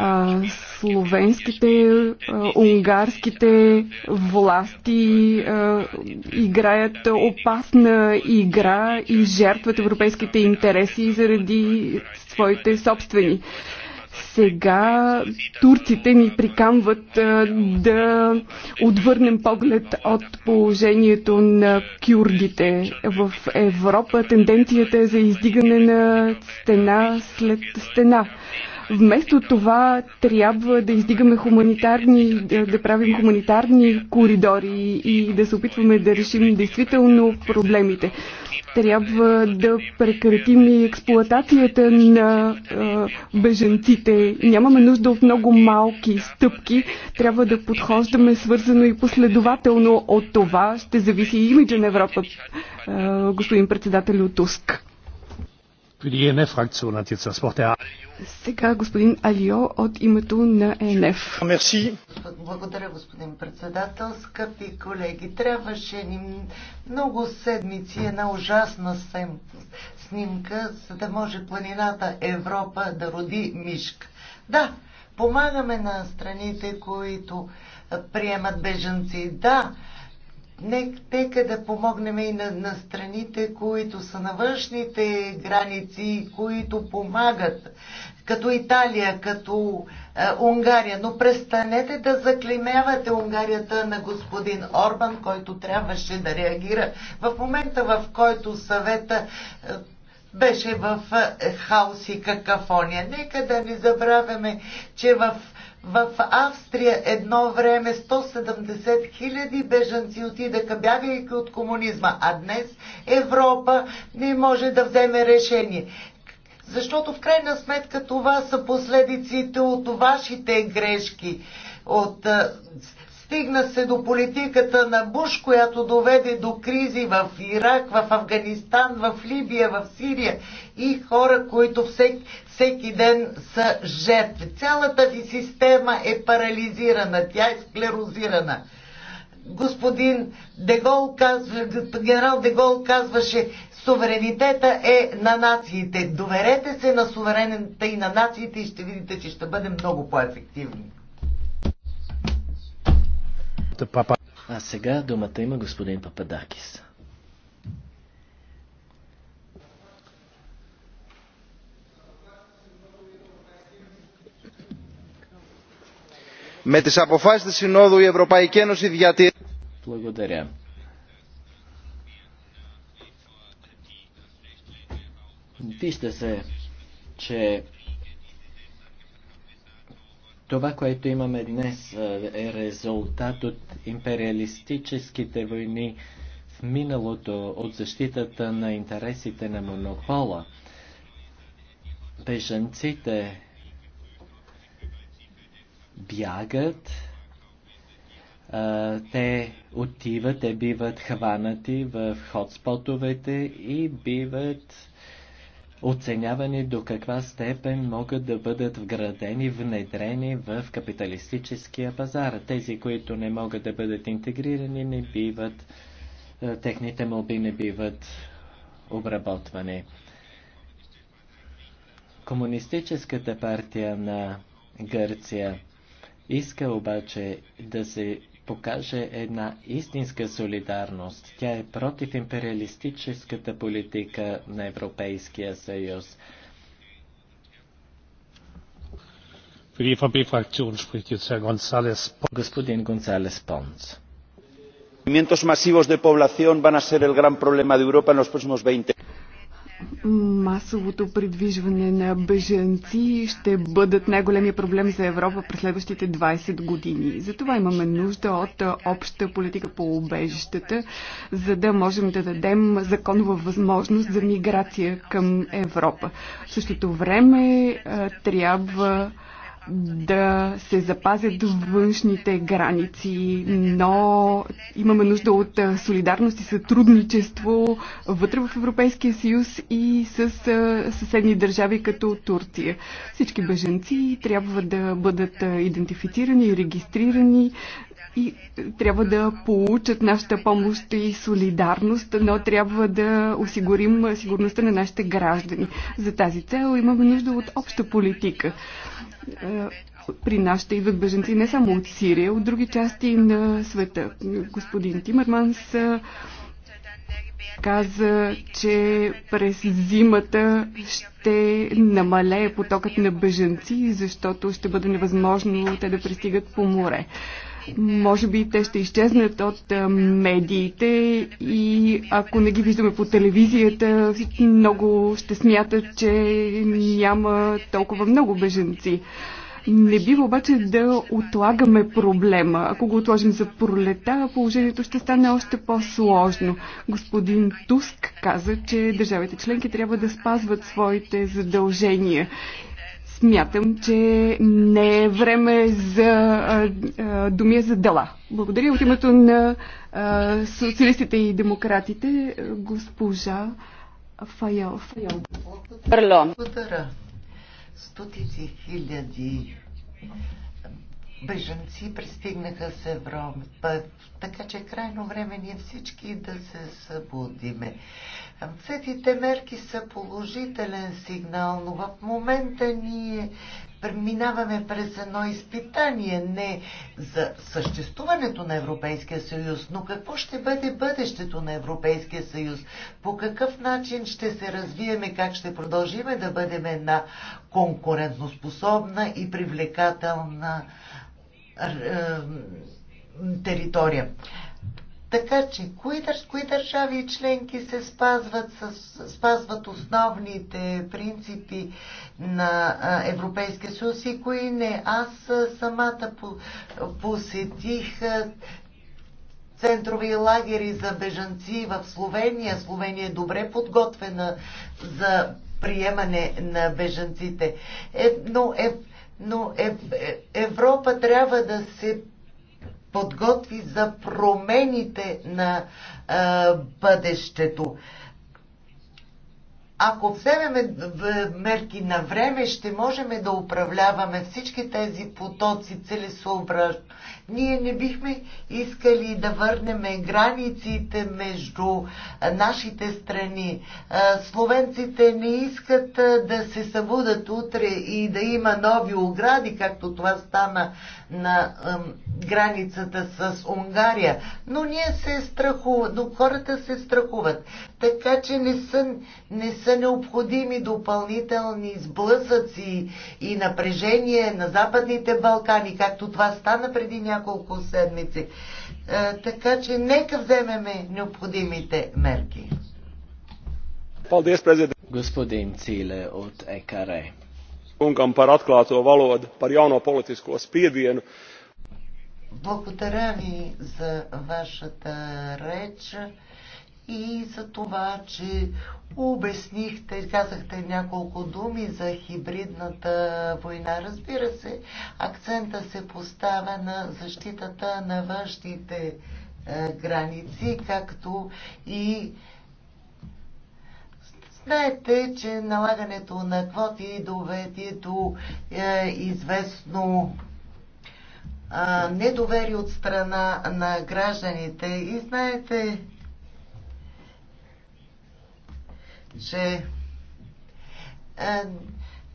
а, словенските, а, унгарските власти а, играят опасна игра и жертват европейските интереси заради своите собствени. Сега турците ни прикамват а, да отвърнем поглед от положението на кюрдите в Европа. Тенденцията е за издигане на стена след стена. Вместо това трябва да издигаме хуманитарни, да правим хуманитарни коридори и да се опитваме да решим действително проблемите. Трябва да прекратим и експлуатацията на е, беженците. Нямаме нужда от много малки стъпки. Трябва да подхождаме свързано и последователно. От това ще зависи и имиджа на Европа, е, господин председател Туск. E Сега господин Алио от името на ЕНФ. Благодаря, господин председател. Скъпи колеги, трябваше ни много седмици една ужасна снимка, за да може планината Европа да роди мишка. Да, помагаме на страните, които приемат беженци. Да, Нека да помогнем и на, на страните, които са на външните граници, които помагат, като Италия, като е, Унгария. Но престанете да заклемявате Унгарията на господин Орбан, който трябваше да реагира в момента, в който съвета е, беше в е, хаос и какафония. Нека да не забравяме, че в в Австрия едно време 170 хиляди бежанци отидаха, бягайки от комунизма, а днес Европа не може да вземе решение. Защото в крайна сметка това са последиците от вашите грешки, от Стигна се до политиката на Буш, която доведе до кризи в Ирак, в Афганистан, в Либия, в Сирия и хора, които всеки, всеки ден са жертви. Цялата ви система е парализирана, тя е склерозирана. Господин Дегол казва, генерал Дегол казваше, суверенитета е на нациите. Доверете се на суверенитета и на нациите и ще видите, че ще бъдем много по-ефективни. Папа. А сега думата има господин Пападакис. Με τις αποφάσεις της Συνόδου η Ευρωπαϊκή Ένωση διατηρεί... Благодаря. Вижте се, че това, което имаме днес, е резултат от империалистическите войни в миналото, от защитата на интересите на монопола. Бежанците бягат, те отиват, те биват хванати в хотспотовете и биват оценявани до каква степен могат да бъдат вградени, внедрени в капиталистическия пазар. Тези, които не могат да бъдат интегрирани, не биват, е, техните молби не биват обработвани. Комунистическата партия на Гърция иска обаче да се покаже една истинска солидарност. Тя е против империалистическата политика на Европейския съюз. Господин Гонсалес Понц. Movimientos masivos de población van a ser el gran problema de Europa en los próximos 20 años масовото придвижване на беженци ще бъдат най-големия проблем за Европа през следващите 20 години. Затова имаме нужда от обща политика по убежищата, за да можем да дадем законова възможност за миграция към Европа. В същото време трябва да се запазят външните граници, но имаме нужда от солидарност и сътрудничество вътре в Европейския съюз и с съседни държави като Турция. Всички беженци трябва да бъдат идентифицирани, регистрирани и трябва да получат нашата помощ и солидарност, но трябва да осигурим сигурността на нашите граждани. За тази цел имаме нужда от обща политика при нас ще идват беженци не само от Сирия, от други части на света. Господин Тимърманс каза, че през зимата ще намалее потокът на беженци, защото ще бъде невъзможно те да пристигат по море. Може би те ще изчезнат от медиите и ако не ги виждаме по телевизията, много ще смятат, че няма толкова много беженци. Не бива обаче да отлагаме проблема. Ако го отложим за пролета, положението ще стане още по-сложно. Господин Туск каза, че държавите членки трябва да спазват своите задължения Смятам, че не е време за а, а, думи за дела. Благодаря от името на а, социалистите и демократите, госпожа Файал. Файал. Благодаря. Стотици хиляди бежанци пристигнаха с Европа. Така че е крайно време ние всички да се събудиме. Взетите мерки са положителен сигнал, но в момента ние преминаваме през едно изпитание не за съществуването на Европейския съюз, но какво ще бъде бъдещето на Европейския съюз, по какъв начин ще се развиеме, как ще продължиме да бъдем една конкурентоспособна и привлекателна е, територия. Така че, кои, държ, кои държави и членки се спазват, с, спазват основните принципи на Европейския съюз и кои не? Аз самата по, посетих центрови лагери за бежанци в Словения. Словения е добре подготвена за приемане на бежанците. Е, но е, но е, е, Европа трябва да се подготви за промените на а, бъдещето. Ако вземем мерки на време, ще можем да управляваме всички тези потоци целесообразно ние не бихме искали да върнем границите между нашите страни. Словенците не искат да се събудат утре и да има нови огради, както това стана на границата с Унгария. Но ние се страхуват, но хората се страхуват. Така че не са, не са необходими допълнителни сблъсъци и напрежение на Западните Балкани, както това стана преди няколко няколко седмици. Е, така че нека вземеме необходимите мерки. Господин Циле от ЕКАРЕ. Благодаря ви за вашата реч и за това, че обяснихте, казахте няколко думи за хибридната война. Разбира се, акцента се поставя на защитата на външните е, граници, както и Знаете, че налагането на квоти доведе до е, известно е, недоверие от страна на гражданите и знаете, че а,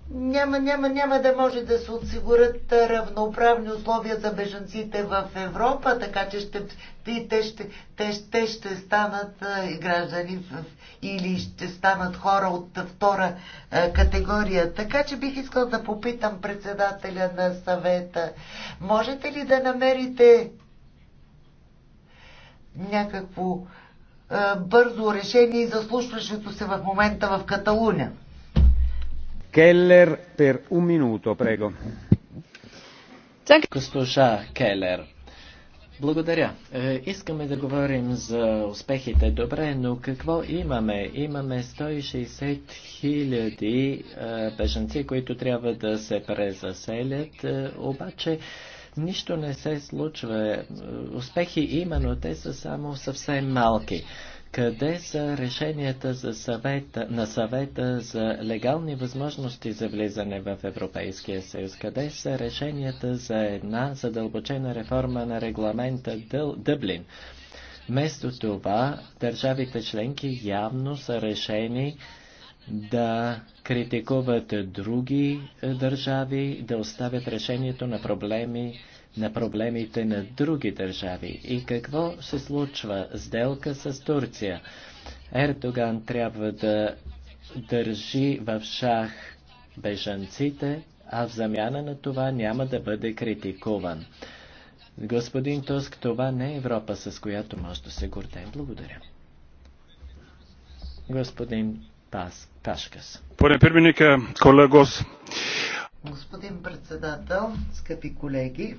няма, няма, няма да може да се отсигурят равноправни условия за бежанците в Европа, така че ще, те, те, ще, те, те ще станат граждани в, или ще станат хора от втора категория. Така че бих искал да попитам председателя на съвета, можете ли да намерите някакво е, бързо решение и за се в момента в Каталуня. Келер, пер un minuto, prego. Госпожа Келер, благодаря. Е, искаме да говорим за успехите. Добре, но какво имаме? Имаме 160 хиляди е, бежанци, които трябва да се презаселят. Обаче Нищо не се случва. Успехи има, но те са само съвсем малки. Къде са решенията за съвета, на съвета за легални възможности за влизане в Европейския съюз? Къде са решенията за една задълбочена реформа на регламента Дъл, Дъблин? Вместо това, държавите членки явно са решени да критикуват други е, държави, да оставят решението на проблеми на проблемите на други държави. И какво се случва? Сделка с Турция. Ердоган трябва да държи в шах бежанците, а в замяна на това няма да бъде критикуван. Господин Туск, това не е Европа, с която може да се гордеем. Благодаря. Господин Пас, Пашкас. колегос. Господин председател, скъпи колеги,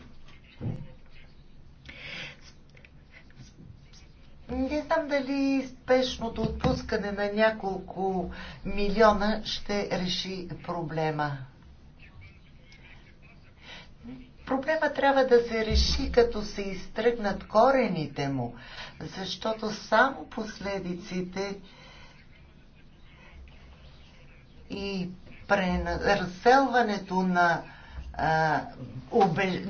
не знам дали спешното отпускане на няколко милиона ще реши проблема. Проблема трябва да се реши, като се изтръгнат корените му, защото само последиците и преразселването на,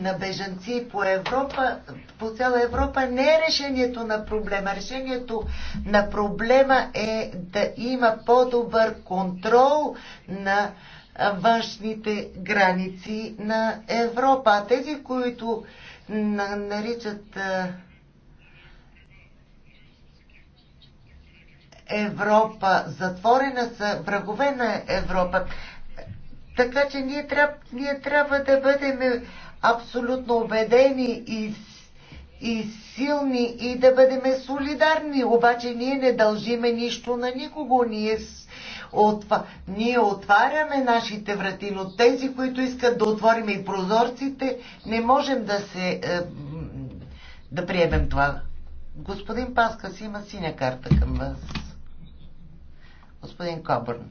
на бежанци по Европа, по цяла Европа не е решението на проблема. Решението на проблема е да има по-добър контрол на външните граници на Европа. А тези, които наричат Европа, затворена са врагове на Европа. Така че ние, тряб, ние трябва да бъдем абсолютно убедени и, и силни и да бъдем солидарни. Обаче ние не дължиме нищо на никого. Ние, отва, ние отваряме нашите врати, но тези, които искат да отворим и прозорците, не можем да се е, да приемем това. Господин Паскас има синя карта към вас. Господин Кобърн.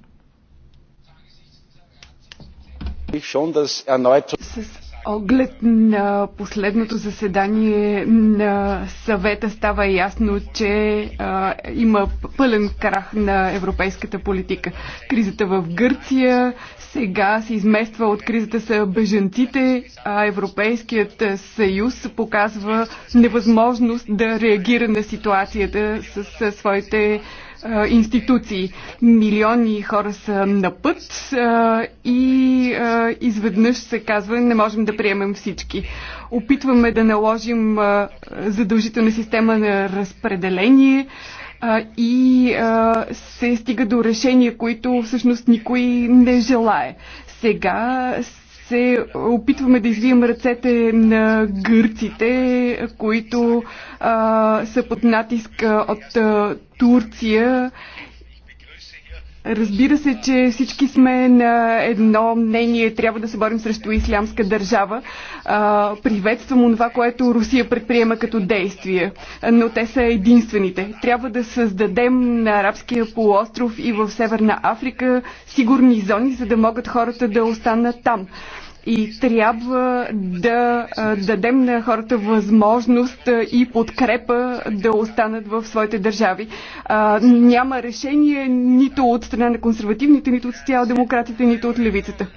С оглед на последното заседание на съвета става ясно, че а, има пълен крах на европейската политика. Кризата в Гърция сега се измества от кризата са бежанците, а Европейският съюз показва невъзможност да реагира на ситуацията с, с своите институции. Милиони хора са на път и изведнъж се казва не можем да приемем всички. Опитваме да наложим задължителна система на разпределение и се стига до решения, които всъщност никой не желае. Сега се опитваме да извием ръцете на гърците, които а, са под натиск от а, Турция. Разбира се, че всички сме на едно мнение. Трябва да се борим срещу ислямска държава. А, приветствам това, което Русия предприема като действие, но те са единствените. Трябва да създадем на арабския полуостров и в Северна Африка сигурни зони, за да могат хората да останат там и трябва да дадем на хората възможност и подкрепа да останат в своите държави. Няма решение нито от страна на консервативните, нито от социал-демократите, нито от левицата.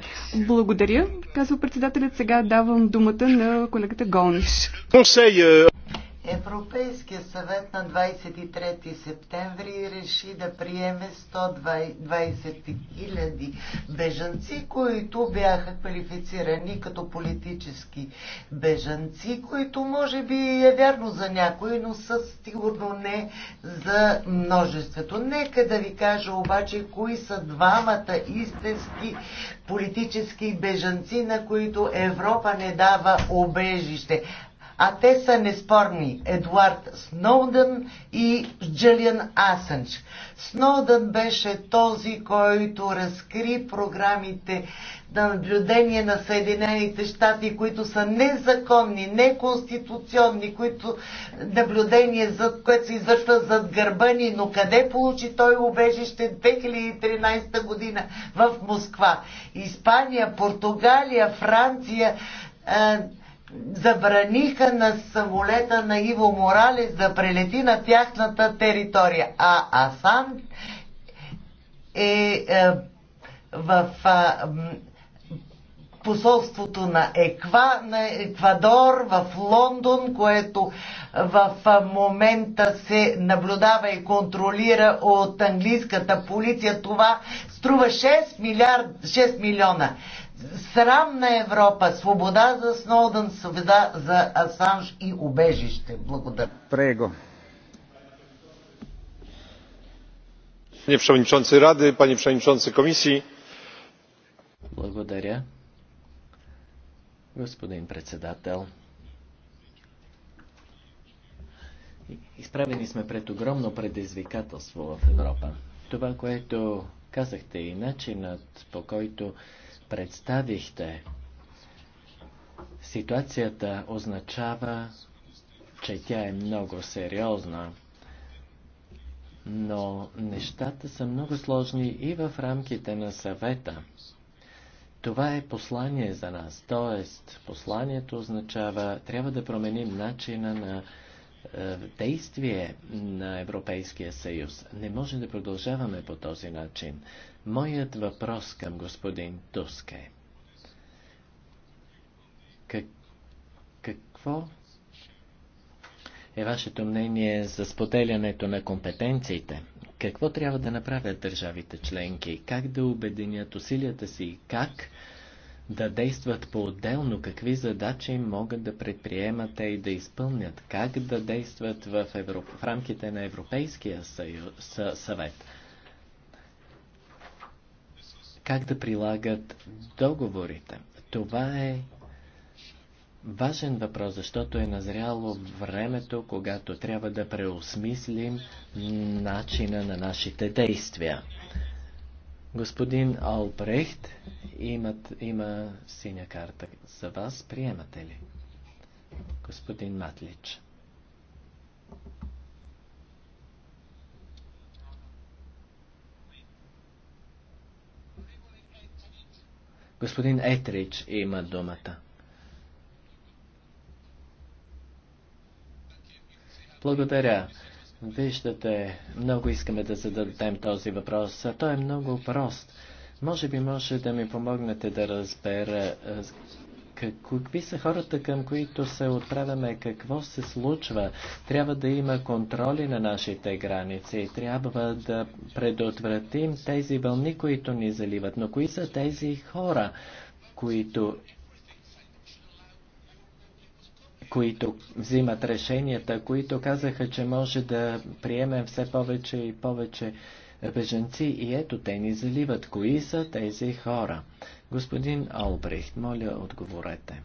Благодаря, казва председателят. Сега давам думата на колегата Голниш. Европейския съвет на 23 септември реши да приеме 120 000 бежанци, които бяха квалифицирани като политически бежанци, които може би е вярно за някои, но със сигурно не за множеството. Нека да ви кажа обаче, кои са двамата истински политически бежанци, на които Европа не дава обежище а те са неспорни Едуард Сноудън и Джилиан Асенч. Сноудън беше този, който разкри програмите на наблюдение на Съединените щати, които са незаконни, неконституционни, които наблюдение, за което се извършва зад гърба ни, но къде получи той убежище 2013 година в Москва. Испания, Португалия, Франция, забраниха на самолета на Иво Моралес да прелети на тяхната територия. А Асан е, е в посолството на, Еква, на Еквадор в Лондон, което в момента се наблюдава и контролира от английската полиция. Това струва 6, милиард, 6 милиона срамна Европа, свобода за Сноудън, свобода за Асанж и убежище. Благодаря. Прего. Panie Przewodniczący Rady, Panie Przewodniczący Komisji. Благодаря. Господин председател. Изправени сме пред огромно предизвикателство в Европа. Това, което казахте и начинът по който представихте, ситуацията означава, че тя е много сериозна. Но нещата са много сложни и в рамките на съвета. Това е послание за нас, т.е. посланието означава, трябва да променим начина на е, действие на Европейския съюз. Не може да продължаваме по този начин. Моят въпрос към господин Туск е как, какво е вашето мнение за споделянето на компетенциите? Какво трябва да направят държавите членки? Как да обединят усилията си? Как да действат по-отделно? Какви задачи могат да предприемат те и да изпълнят? Как да действат в, Европ... в рамките на Европейския съю... съ... съвет? как да прилагат договорите. Това е важен въпрос, защото е назряло времето, когато трябва да преосмислим начина на нашите действия. Господин Албрехт, има, има синя карта за вас. Приемате ли? Господин Матлич. Господин Етрич има думата. Благодаря. Виждате, много искаме да зададем този въпрос. А той е много прост. Може би може да ми помогнете да разбера какви са хората, към които се отправяме, какво се случва. Трябва да има контроли на нашите граници, трябва да предотвратим тези вълни, които ни заливат. Но кои са тези хора, които които взимат решенията, които казаха, че може да приемем все повече и повече беженци и ето те ни заливат. Кои са тези хора? Господин Албрехт, моля, отговорете.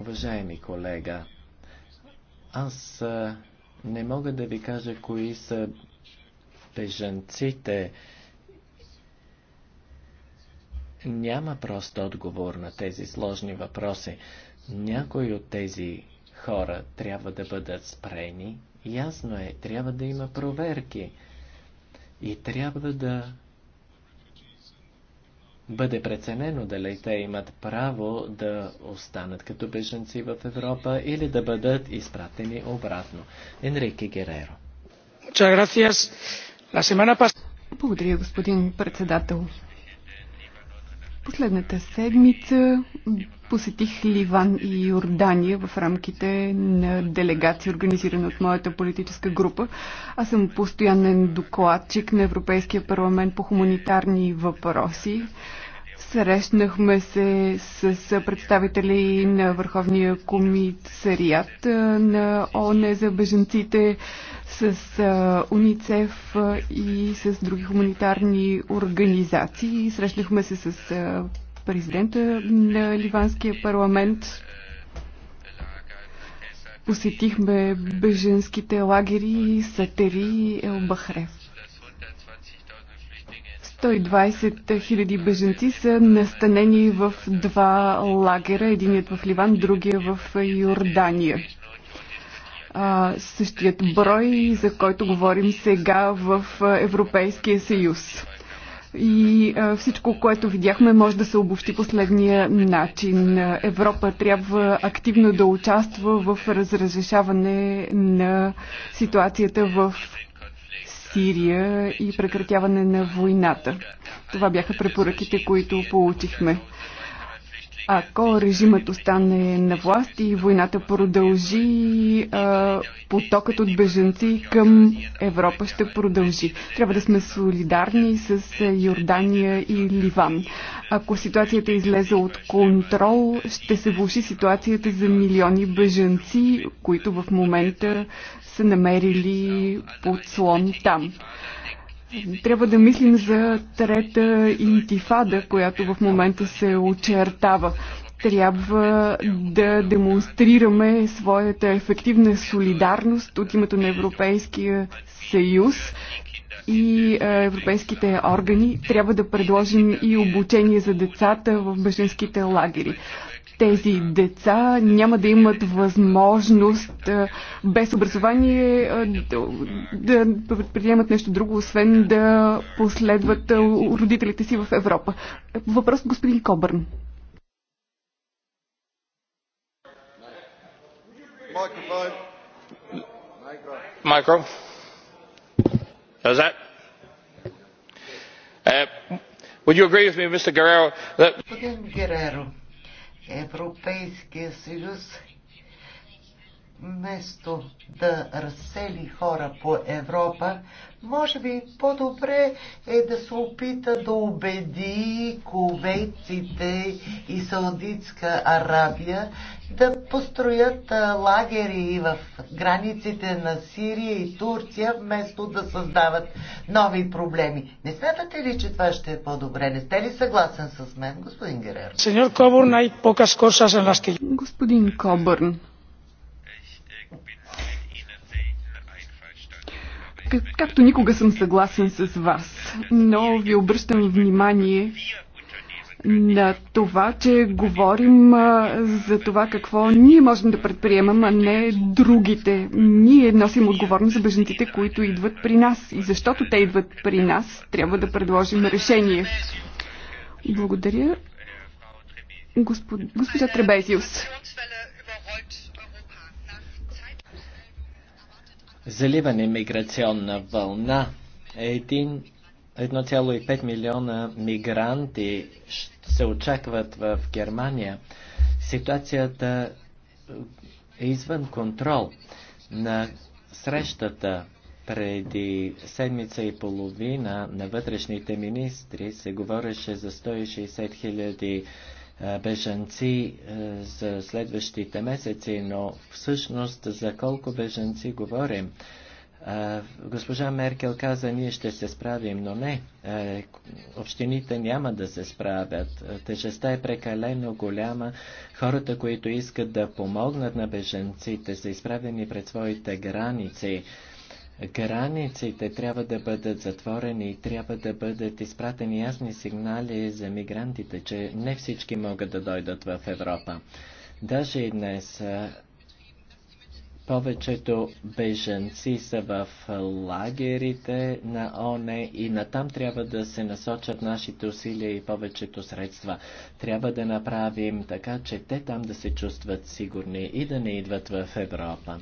Уважаеми колега, аз не мога да ви кажа кои са бежанците. Няма прост отговор на тези сложни въпроси. Някои от тези хора трябва да бъдат спрени. Ясно е, трябва да има проверки и трябва да бъде преценено дали те имат право да останат като беженци в Европа или да бъдат изпратени обратно. Енрике Гереро. Благодаря, господин председател. Последната седмица посетих Ливан и Йордания в рамките на делегация, организирана от моята политическа група. Аз съм постоянен докладчик на Европейския парламент по хуманитарни въпроси. Срещнахме се с представители на Върховния комисариат на ООН за беженците, с УНИЦЕФ и с други хуманитарни организации. Срещнахме се с президента на Ливанския парламент. Посетихме беженските лагери Сатери и Елбахрев. 120 хиляди беженци са настанени в два лагера, единият в Ливан, другия в Йордания. А, същият брой, за който говорим сега в Европейския съюз. И а, всичко, което видяхме, може да се обобщи последния начин. Европа трябва активно да участва в разрешаване на ситуацията в Сирия и прекратяване на войната. Това бяха препоръките, които получихме. Ако режимът остане на власт и войната продължи, потокът от беженци към Европа ще продължи. Трябва да сме солидарни с Йордания и Ливан. Ако ситуацията излезе от контрол, ще се влуши ситуацията за милиони беженци, които в момента са намерили подслон там. Трябва да мислим за трета интифада, която в момента се очертава. Трябва да демонстрираме своята ефективна солидарност от името на Европейския съюз и европейските органи. Трябва да предложим и обучение за децата в беженските лагери тези деца няма да имат възможност без образование да предприемат нещо друго, освен да последват родителите си в Европа. Въпрос господин Кобърн. Майкро. Uh, would you agree with me, Mr. Guerrero, that... Европейския съюз вместо да разсели хора по Европа, може би по-добре е да се опита да убеди кувейците и Саудитска Арабия да построят лагери в границите на Сирия и Турция, вместо да създават нови проблеми. Не смятате ли, че това ще е по-добре? Не сте ли съгласен с мен, господин Герер? Господин Кобърн, Както никога съм съгласен с вас, но ви обръщам внимание на това, че говорим за това какво ние можем да предприемам, а не другите. Ние носим отговорност за беженците, които идват при нас. И защото те идват при нас, трябва да предложим решение. Благодаря. Госпожа Требезиус. заливане миграционна вълна. Един 1,5 милиона мигранти се очакват в Германия. Ситуацията е извън контрол. На срещата преди седмица и половина на вътрешните министри се говореше за 160 хиляди 000 е, бежанци е, за следващите месеци, но всъщност за колко бежанци говорим? Е, госпожа Меркел каза, ние ще се справим, но не. Общините няма да се справят. Тежестта е прекалено голяма. Хората, които искат да помогнат на беженците, са изправени пред своите граници. Границите трябва да бъдат затворени и трябва да бъдат изпратени ясни сигнали за мигрантите, че не всички могат да дойдат в Европа. Даже и днес повечето беженци са в лагерите на ОНЕ и на там трябва да се насочат нашите усилия и повечето средства. Трябва да направим така, че те там да се чувстват сигурни и да не идват в Европа.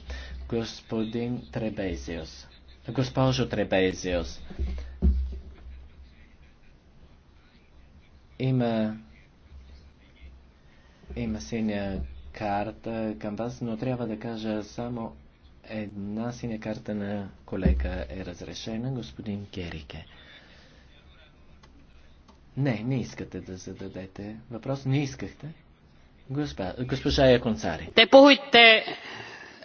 Господин Требезиус. Госпожо Требезиус, има, има синя карта към вас, но трябва да кажа само една синя карта на колега е разрешена, господин Керике. Не, не искате да зададете въпрос. Не искахте. госпожа Яконцари. Те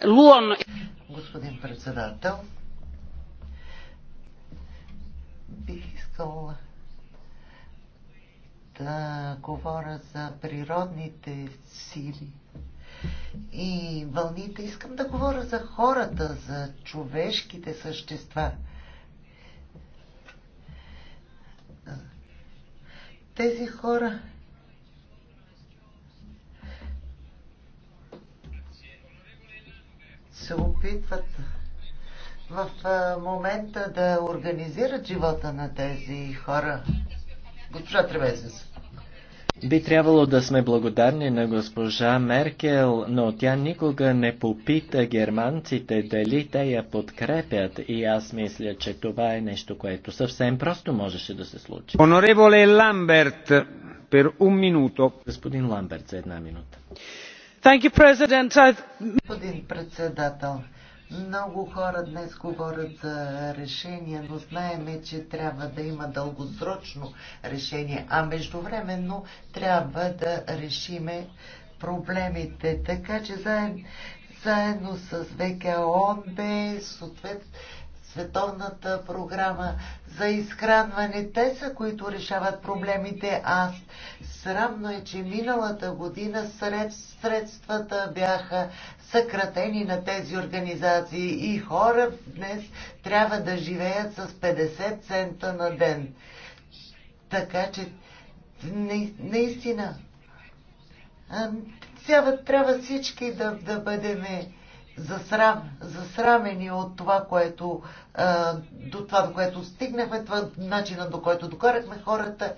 луон. Господин председател, бих искала да говоря за природните сили и вълните. Искам да говоря за хората, за човешките същества. Тези хора се опитват в момента да организират живота на тези хора. Госпожа Тревезис. Би трябвало да сме благодарни на госпожа Меркел, но тя никога не попита германците дали те я подкрепят и аз мисля, че това е нещо, което съвсем просто можеше да се случи. Онореволе Ламберт, пер un минуто. Господин Ламберт, за една минута. Thank you, President. Господин председател, много хора днес говорят за решение, но знаеме, че трябва да има дългосрочно решение, а междувременно трябва да решиме проблемите. Така че заедно, заедно с ВКОНБ, съответно световната програма за изхранване. Те са, които решават проблемите. Аз срамно е, че миналата година сред, средствата бяха съкратени на тези организации и хора днес трябва да живеят с 50 цента на ден. Така че наистина трябва, трябва всички да, да бъдеме засрам, засрамени от това, което, а, до това, до което стигнахме, това е начина, до който докарахме хората.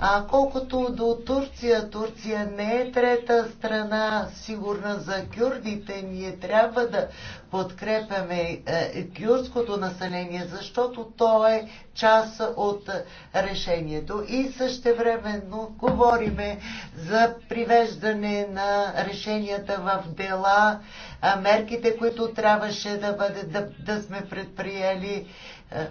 А колкото до Турция, Турция не е трета страна, сигурна за кюрдите. Ние трябва да подкрепяме е, кюрдското население, защото то е част от решението. И същевременно говориме за привеждане на решенията в дела, мерките, които трябваше да, бъде, да, да сме предприели. Е,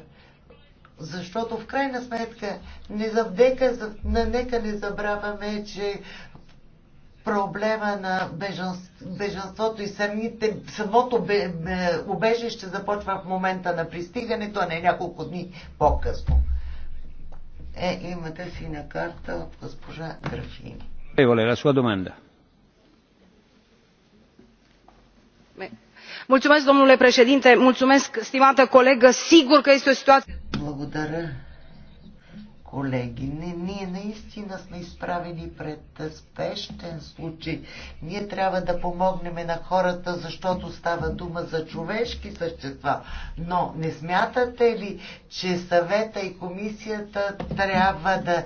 защото в крайна сметка не завдека, нека не забравяме, че проблема на беженството и самите, самото бе, бе, убежище започва в момента на пристигането, а не няколко дни по-късно. Е, имате сина карта от госпожа Графини. Е, la sua domanda. Mulțumesc, domnule președinte, mulțumesc, stimată colegă. Sigur că este o situație... Благодаря, колеги. Не, ние наистина сме изправени пред спешен случай. Ние трябва да помогнем на хората, защото става дума за човешки същества. Но не смятате ли, че съвета и комисията трябва да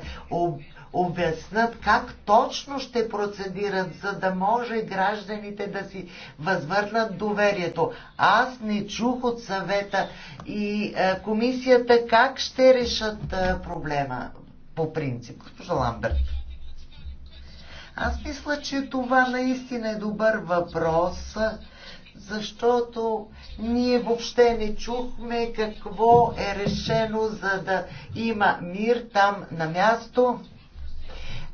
обяснат как точно ще процедират, за да може гражданите да си възвърнат доверието. Аз не чух от съвета и е, комисията как ще решат е, проблема по принцип. Госпожа Ламберт. Аз мисля, че това наистина е добър въпрос, защото ние въобще не чухме какво е решено, за да има мир там на място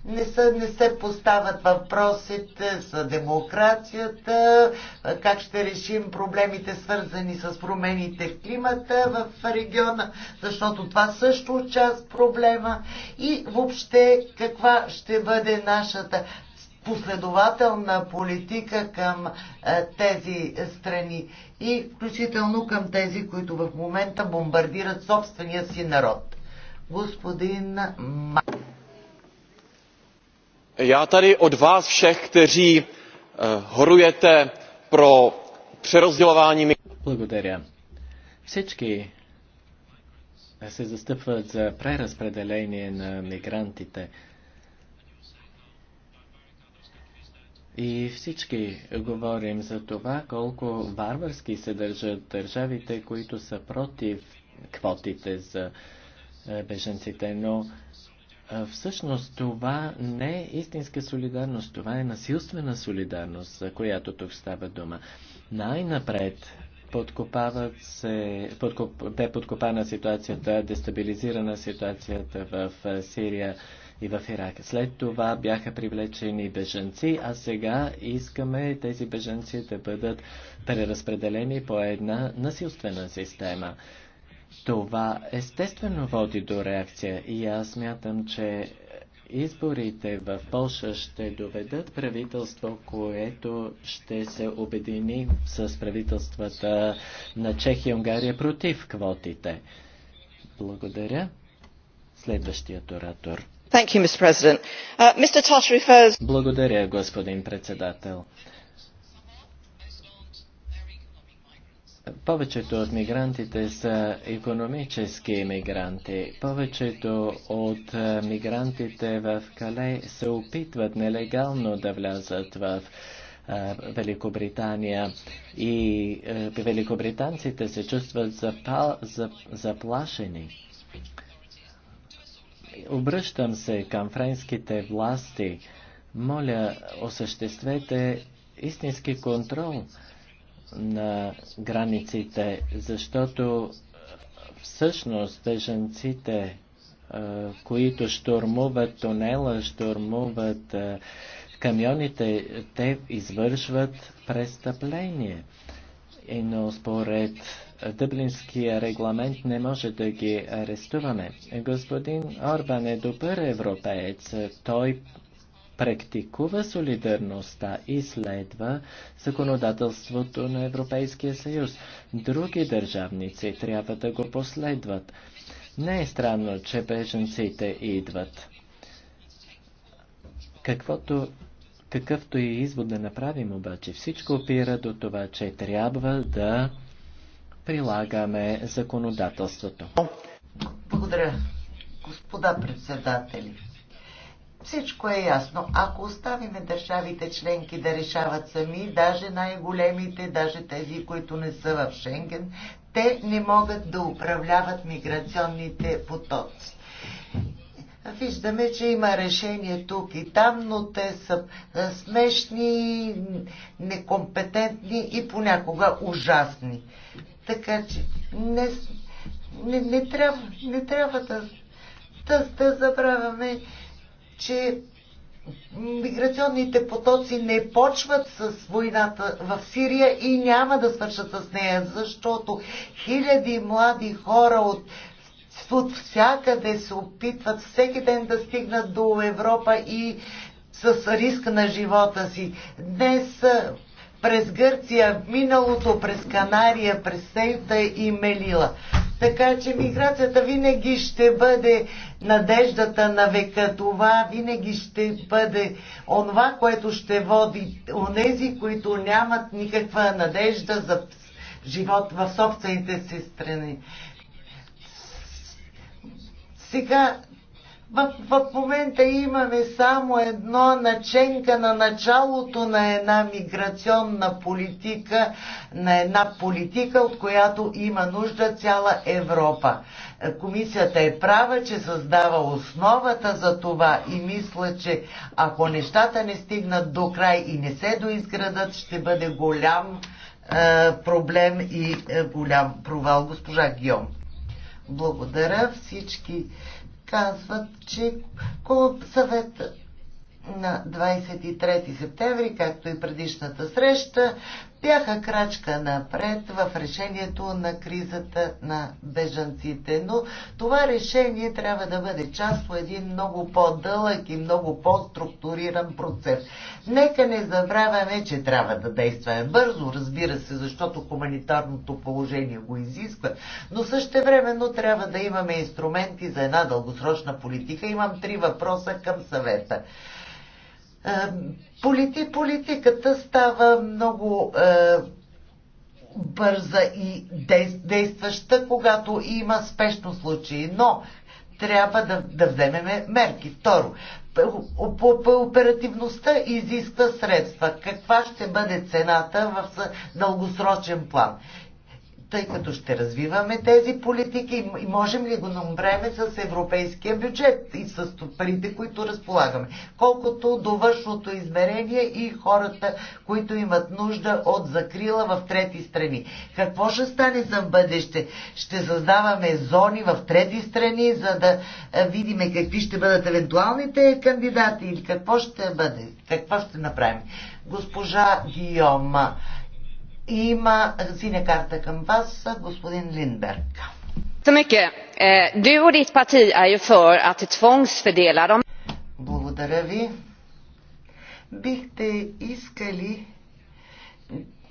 не, са, не се поставят въпросите за демокрацията, как ще решим проблемите свързани с промените в климата в региона, защото това също част проблема и въобще каква ще бъде нашата последователна политика към е, тези страни и включително към тези, които в момента бомбардират собствения си народ. Господин Мак já tady od vás všech kteří eh, horujete pro přerozdělování migrantů. Всички се застъпват за преразпределение на мигрантите. И всички говорим за това колко варварски се държат държавите, които са против квотите за е, беженците. Но Всъщност това не е истинска солидарност, това е насилствена солидарност, за която тук става дума. Най-напред подкопават се, подкоп, бе подкопана ситуацията, дестабилизирана ситуацията в Сирия и в Ирак. След това бяха привлечени беженци, а сега искаме тези беженци да бъдат преразпределени по една насилствена система. Това естествено води до реакция и аз мятам, че изборите в Польша ще доведат правителство, което ще се обедини с правителствата на Чехия и Унгария против квотите. Благодаря. Следващият оратор. You, uh, refers... Благодаря, господин председател. Повечето от мигрантите са економически мигранти. Повечето от е, мигрантите в Кале се опитват нелегално да влязат в е, Великобритания и е, великобританците се чувстват зап, заплашени. Обръщам се към френските власти. Моля, осъществете истински контрол на границите, защото всъщност беженците, които штурмуват тунела, штурмуват камионите, те извършват престъпление. И но според Дъблинския регламент не може да ги арестуваме. Господин Орбан е добър европеец. Той практикува солидарността и следва законодателството на Европейския съюз. Други държавници трябва да го последват. Не е странно, че беженците идват. Каквото, какъвто и извод да направим обаче, всичко опира до това, че трябва да прилагаме законодателството. Благодаря, господа председатели. Всичко е ясно. Ако оставиме държавите членки да решават сами, даже най-големите, даже тези, които не са в Шенген, те не могат да управляват миграционните потоци. Виждаме, че има решение тук и там, но те са е, смешни, некомпетентни и понякога ужасни. Така че не, не, не, трябва, не трябва да, да, да забравяме, че миграционните потоци не почват с войната в Сирия и няма да свършат с нея, защото хиляди млади хора от от всякъде се опитват всеки ден да стигнат до Европа и с риск на живота си. Днес през Гърция, миналото през Канария, през Сейта и Мелила. Така че миграцията винаги ще бъде надеждата на века. Това винаги ще бъде онова, което ще води онези, които нямат никаква надежда за живот в собствените си страни. Сега в, в момента имаме само едно наченка на началото на една миграционна политика, на една политика, от която има нужда цяла Европа. Комисията е права, че създава основата за това и мисля, че ако нещата не стигнат до край и не се доизградат, ще бъде голям е, проблем и е, голям провал. Госпожа Гиом. Благодаря всички казват, че съвет на 23 септември, както и предишната среща, бяха крачка напред в решението на кризата на бежанците. Но това решение трябва да бъде част от един много по-дълъг и много по-структуриран процес. Нека не забравяме, че трябва да действаме бързо, разбира се, защото хуманитарното положение го изисква, но също времено трябва да имаме инструменти за една дългосрочна политика. Имам три въпроса към съвета. Е, полити, политиката става много е, бърза и действаща, когато има спешно случаи, но трябва да, да вземеме мерки. Второ, оперативността изисква средства. Каква ще бъде цената в дългосрочен план? тъй като ще развиваме тези политики и можем ли го намреме с европейския бюджет и с парите, които разполагаме. Колкото до външното измерение и хората, които имат нужда от закрила в трети страни. Какво ще стане за бъдеще? Ще създаваме зони в трети страни, за да е, видиме какви ще бъдат евентуалните кандидати или какво ще бъде, какво ще направим. Госпожа Гиома, има синя карта към вас, господин Линдберг. Eh, Благодаря ви. Бихте искали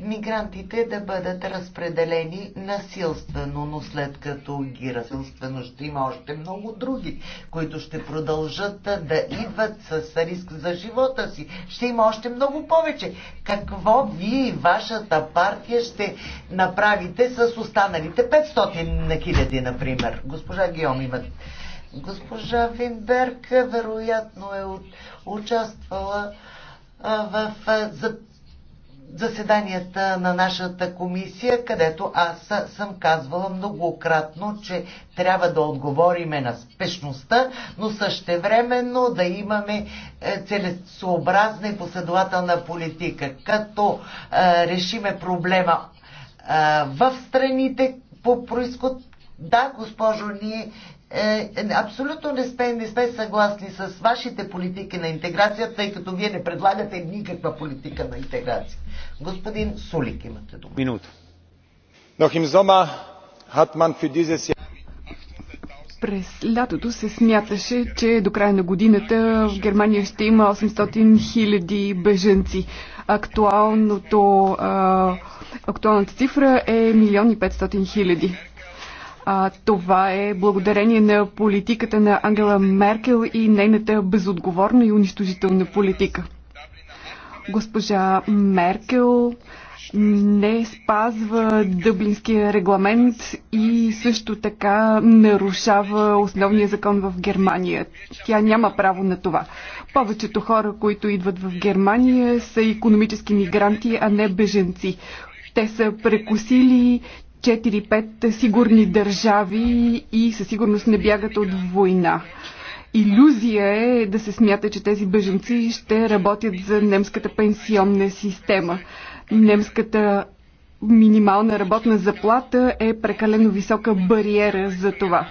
мигрантите да бъдат разпределени насилствено, но след като ги насилствено ще има още много други, които ще продължат да идват с риск за живота си. Ще има още много повече. Какво вие и вашата партия ще направите с останалите 500 на хиляди, например? Госпожа Геом има. Госпожа Винберг вероятно е участвала в, за заседанията на нашата комисия, където аз съм казвала многократно, че трябва да отговориме на спешността, но същевременно да имаме е, целесообразна и последователна политика, като е, решиме проблема е, в страните по происход. Да, госпожо, ние е, е, абсолютно не сте, не сте съгласни с вашите политики на интеграция, тъй като вие не предлагате никаква политика на интеграция. Господин Сулик, имате дума. Минута. Но Химзома Хатман Фюдизес през лятото се смяташе, че до края на годината в Германия ще има 800 хиляди беженци. Актуалното, а, актуалната цифра е 1 500 хиляди. А, това е благодарение на политиката на Ангела Меркел и нейната безотговорна и унищожителна политика. Госпожа Меркел не спазва дъблинския регламент и също така нарушава основния закон в Германия. Тя няма право на това. Повечето хора, които идват в Германия, са економически мигранти, а не беженци. Те са прекусили 4-5 сигурни държави и със сигурност не бягат от война. Иллюзия е да се смята, че тези беженци ще работят за немската пенсионна система. Немската минимална работна заплата е прекалено висока бариера за това.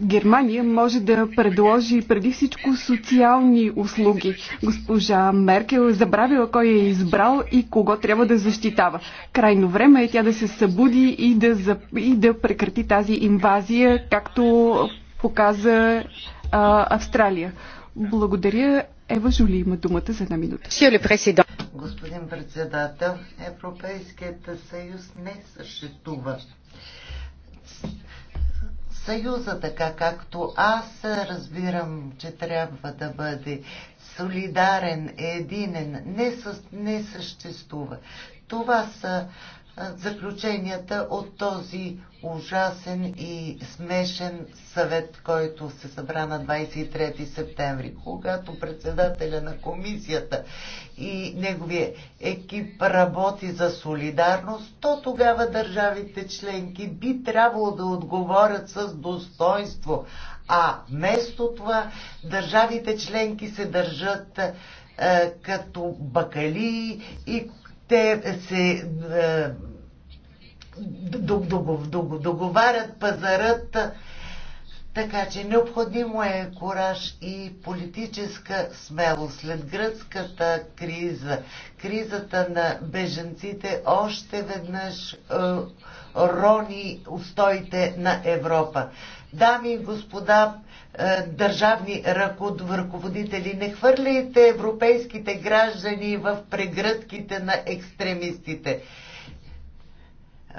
Германия може да предложи преди всичко социални услуги. Госпожа Меркел е забравила кой е избрал и кого трябва да защитава. Крайно време е тя да се събуди и да, и да прекрати тази инвазия, както показа а, Австралия. Благодаря. Ева Жули има думата за една минута. Господин председател, Европейският съюз не съществува Съюза, така както аз разбирам, че трябва да бъде солидарен, единен, не, съ, не съществува. Това са заключенията от този ужасен и смешен съвет, който се събра на 23 септември, когато председателя на комисията и неговия екип работи за солидарност, то тогава държавите членки би трябвало да отговорят с достоинство, а вместо това държавите членки се държат като бакали и те се е, договарят пазарът, така че необходимо е кораж и политическа смелост. След гръцката криза, кризата на беженците още веднъж е, рони устоите на Европа. Дами и господа, е, държавни ръководители, не хвърляйте европейските граждани в прегръдките на екстремистите.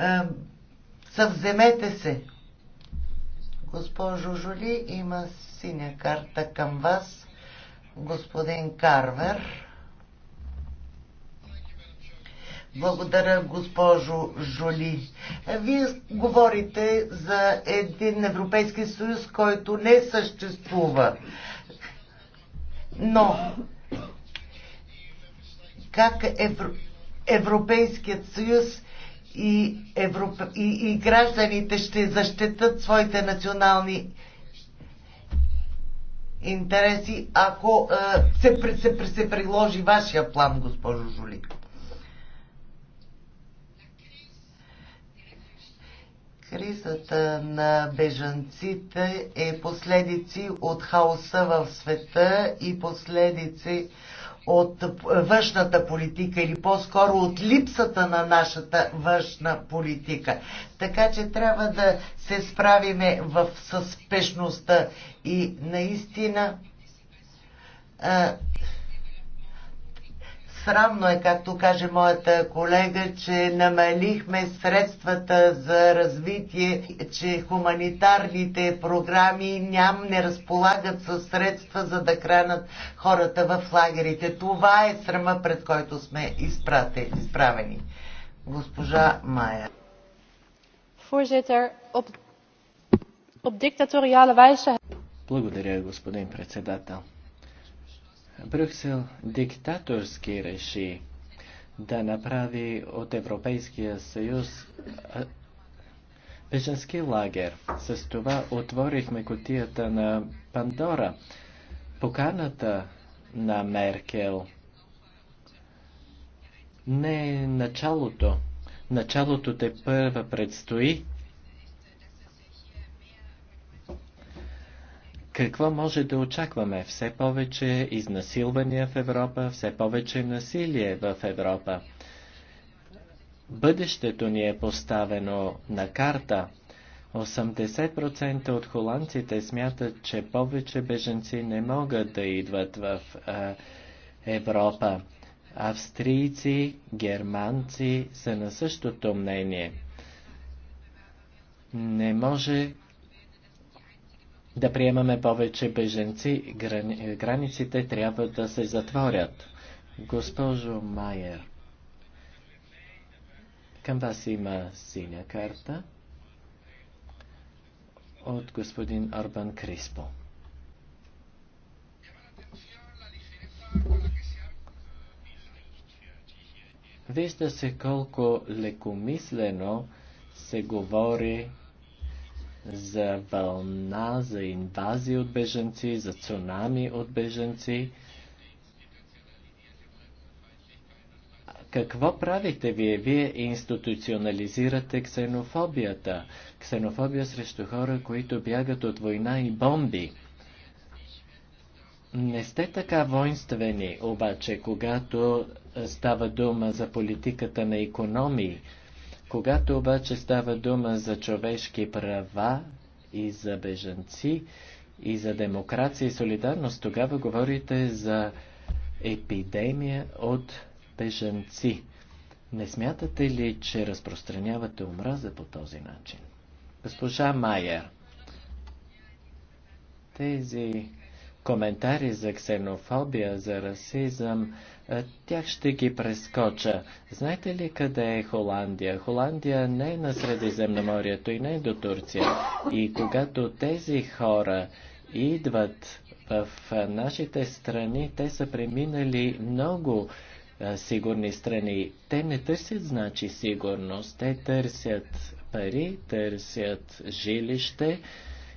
Е, съвземете се. Госпожо Жули, има синя карта към вас. Господин Карвер. Благодаря, госпожо Жоли. Вие говорите за един Европейски съюз, който не съществува. Но как Евро... Европейският съюз и, Европ... и, и гражданите ще защитат своите национални интереси, ако е, се, се, се, се приложи вашия план, госпожо Жулик? Кризата на бежанците е последици от хаоса в света и последици от външната политика или по-скоро от липсата на нашата външна политика. Така че трябва да се справиме в съспешността и наистина а, Срамно е, както каже моята колега, че намалихме средствата за развитие, че хуманитарните програми ням не разполагат със средства, за да хранат хората в лагерите. Това е срама, пред който сме изправени. Госпожа Майя. Благодаря, господин председател. Брюксел диктаторски реши да направи от Европейския съюз беженски лагер. С това отворихме котията на Пандора. Поканата на Меркел не е началото. Началото те първа предстои. Какво може да очакваме? Все повече изнасилвания в Европа, все повече насилие в Европа. Бъдещето ни е поставено на карта. 80% от холандците смятат, че повече беженци не могат да идват в а, Европа. Австрийци, германци са на същото мнение. Не може да приемаме повече беженци, грани, границите трябва да се затворят. Госпожо Майер, към вас има синя карта от господин Орбан Криспо. Вижда се колко лекомислено се говори за вълна, за инвазии от беженци, за цунами от беженци. Какво правите вие? Вие институционализирате ксенофобията. Ксенофобия срещу хора, които бягат от война и бомби. Не сте така воинствени, обаче, когато става дума за политиката на економии. Когато обаче става дума за човешки права и за бежанци, и за демокрация и солидарност, тогава говорите за епидемия от бежанци. Не смятате ли, че разпространявате омраза по този начин? Госпожа Майер, тези коментари за ксенофобия, за расизъм, тях ще ги прескоча. Знаете ли къде е Холандия? Холандия не е на Средиземноморието и не е до Турция. И когато тези хора идват в нашите страни, те са преминали много сигурни страни. Те не търсят, значи, сигурност. Те търсят пари, търсят жилище,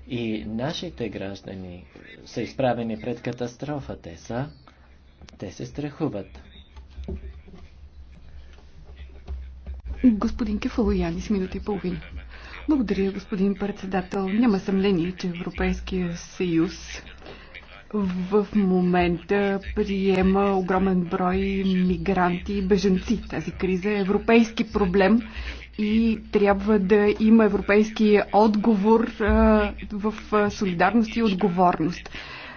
и нашите граждани са изправени пред катастрофа. Те са, те се страхуват. Господин Кефалояни с минута и половина. Благодаря, господин председател. Няма съмнение, че Европейския съюз в момента приема огромен брой мигранти и беженци. Тази криза е европейски проблем и трябва да има европейски отговор в солидарност и отговорност.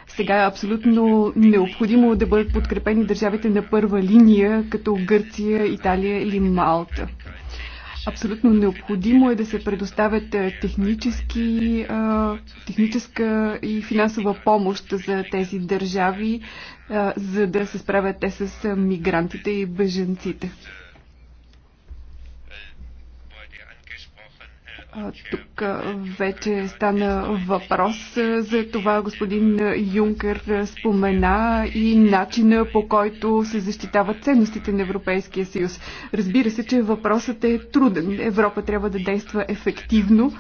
Сега е абсолютно необходимо да бъдат подкрепени държавите на първа линия, като Гърция, Италия или Малта. Абсолютно необходимо е да се предоставят технически, техническа и финансова помощ за тези държави, за да се справят те с мигрантите и беженците. Тук вече стана въпрос за това господин Юнкер спомена и начина по който се защитават ценностите на Европейския съюз. Разбира се, че въпросът е труден. Европа трябва да действа ефективно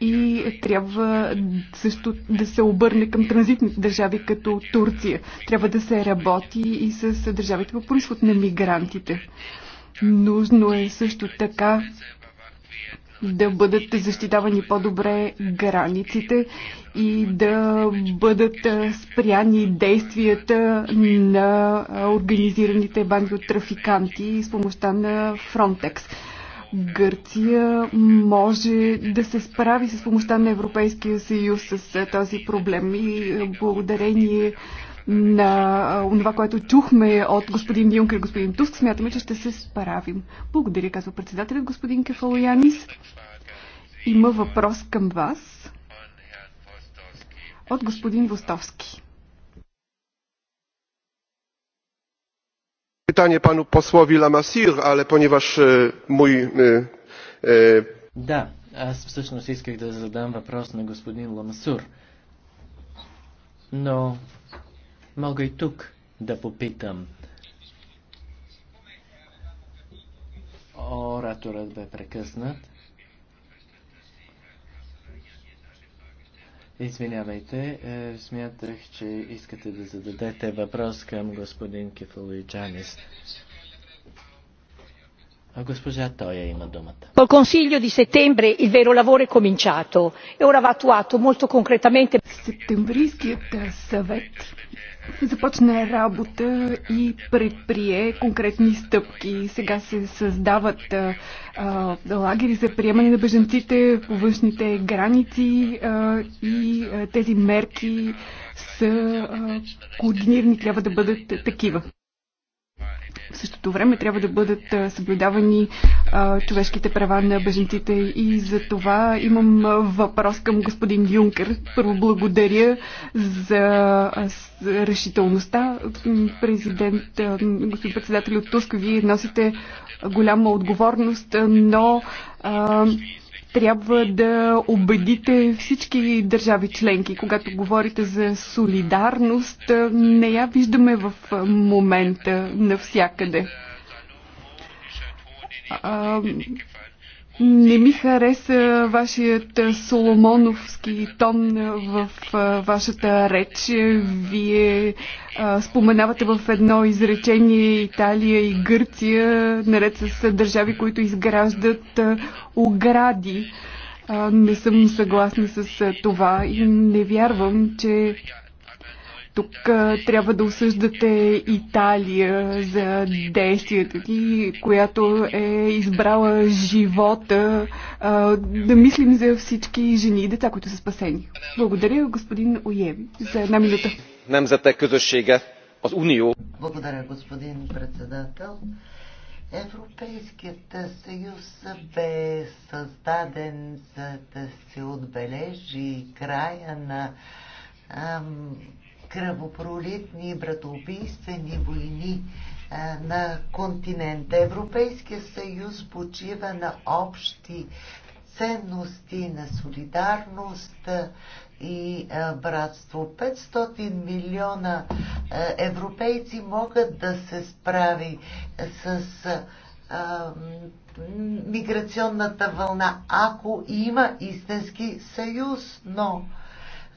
и трябва също да се обърне към транзитните държави като Турция. Трябва да се работи и с държавите по происход на мигрантите. Нужно е също така да бъдат защитавани по-добре границите и да бъдат спряни действията на организираните банди от трафиканти с помощта на Frontex. Гърция може да се справи с помощта на Европейския съюз с този проблем и благодарение на това, което чухме от господин Юнкер и господин Туск, смятаме, че ще се справим. Благодаря, казва председателят господин Кефалоянис. Има въпрос към вас от господин Востовски. Питание пану послови Ламасир, але поневаш е, мой... Е, е, да, аз всъщност исках да задам въпрос на господин Ламасур. Но Мога и тук да попитам. Ораторът бе прекъснат. Извинявайте, е, смятах, че искате да зададете въпрос към господин Кефалуиджанис. А госпожа Тоя има думата. По консилио ди сетембре il vero lavoro è cominciato e ora va attuato molto concretamente. Септемврийският е, съвет започна работа и предприе конкретни стъпки. Сега се създават а, лагери за приемане на беженците по външните граници а, и а, тези мерки са а, координирани, трябва да бъдат такива. В същото време трябва да бъдат съблюдавани човешките права на беженците и за това имам въпрос към господин Юнкер. Първо благодаря за решителността. Президент, господин председател от Туск, вие носите голяма отговорност, но трябва да убедите всички държави членки. Когато говорите за солидарност, не я виждаме в момента навсякъде. Не ми хареса вашият е, соломоновски тон е, в е, вашата реч. Вие а, споменавате в едно изречение Италия и Гърция, наред с държави, които изграждат огради. не съм съгласна с това и не вярвам, че тук трябва да осъждате Италия за действията ти, която е избрала живота. Да мислим за всички жени и деца, които са спасени. Благодаря, господин Оеви, за една минута. Благодаря, господин председател. Европейският съюз бе създаден за да се отбележи края на кръвопролитни, братоубийствени войни на континента. Европейския съюз почива на общи ценности, на солидарност и братство. 500 милиона европейци могат да се справи с миграционната вълна, ако има истински съюз, но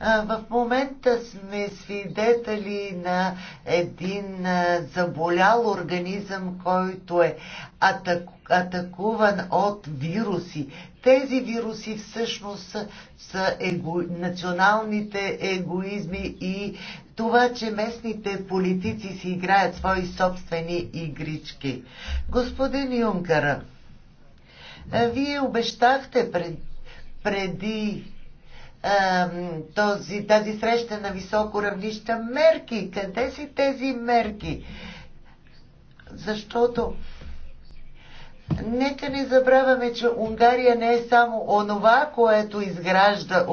в момента сме свидетели на един заболял организъм, който е атаку, атакуван от вируси. Тези вируси всъщност са, са его, националните егоизми и това, че местните политици си играят свои собствени игрички. Господин Юнкара, вие обещахте пред, преди този, тази среща на високо равнище мерки. Къде си тези мерки? Защото нека не забравяме, че Унгария не е само онова, което изгражда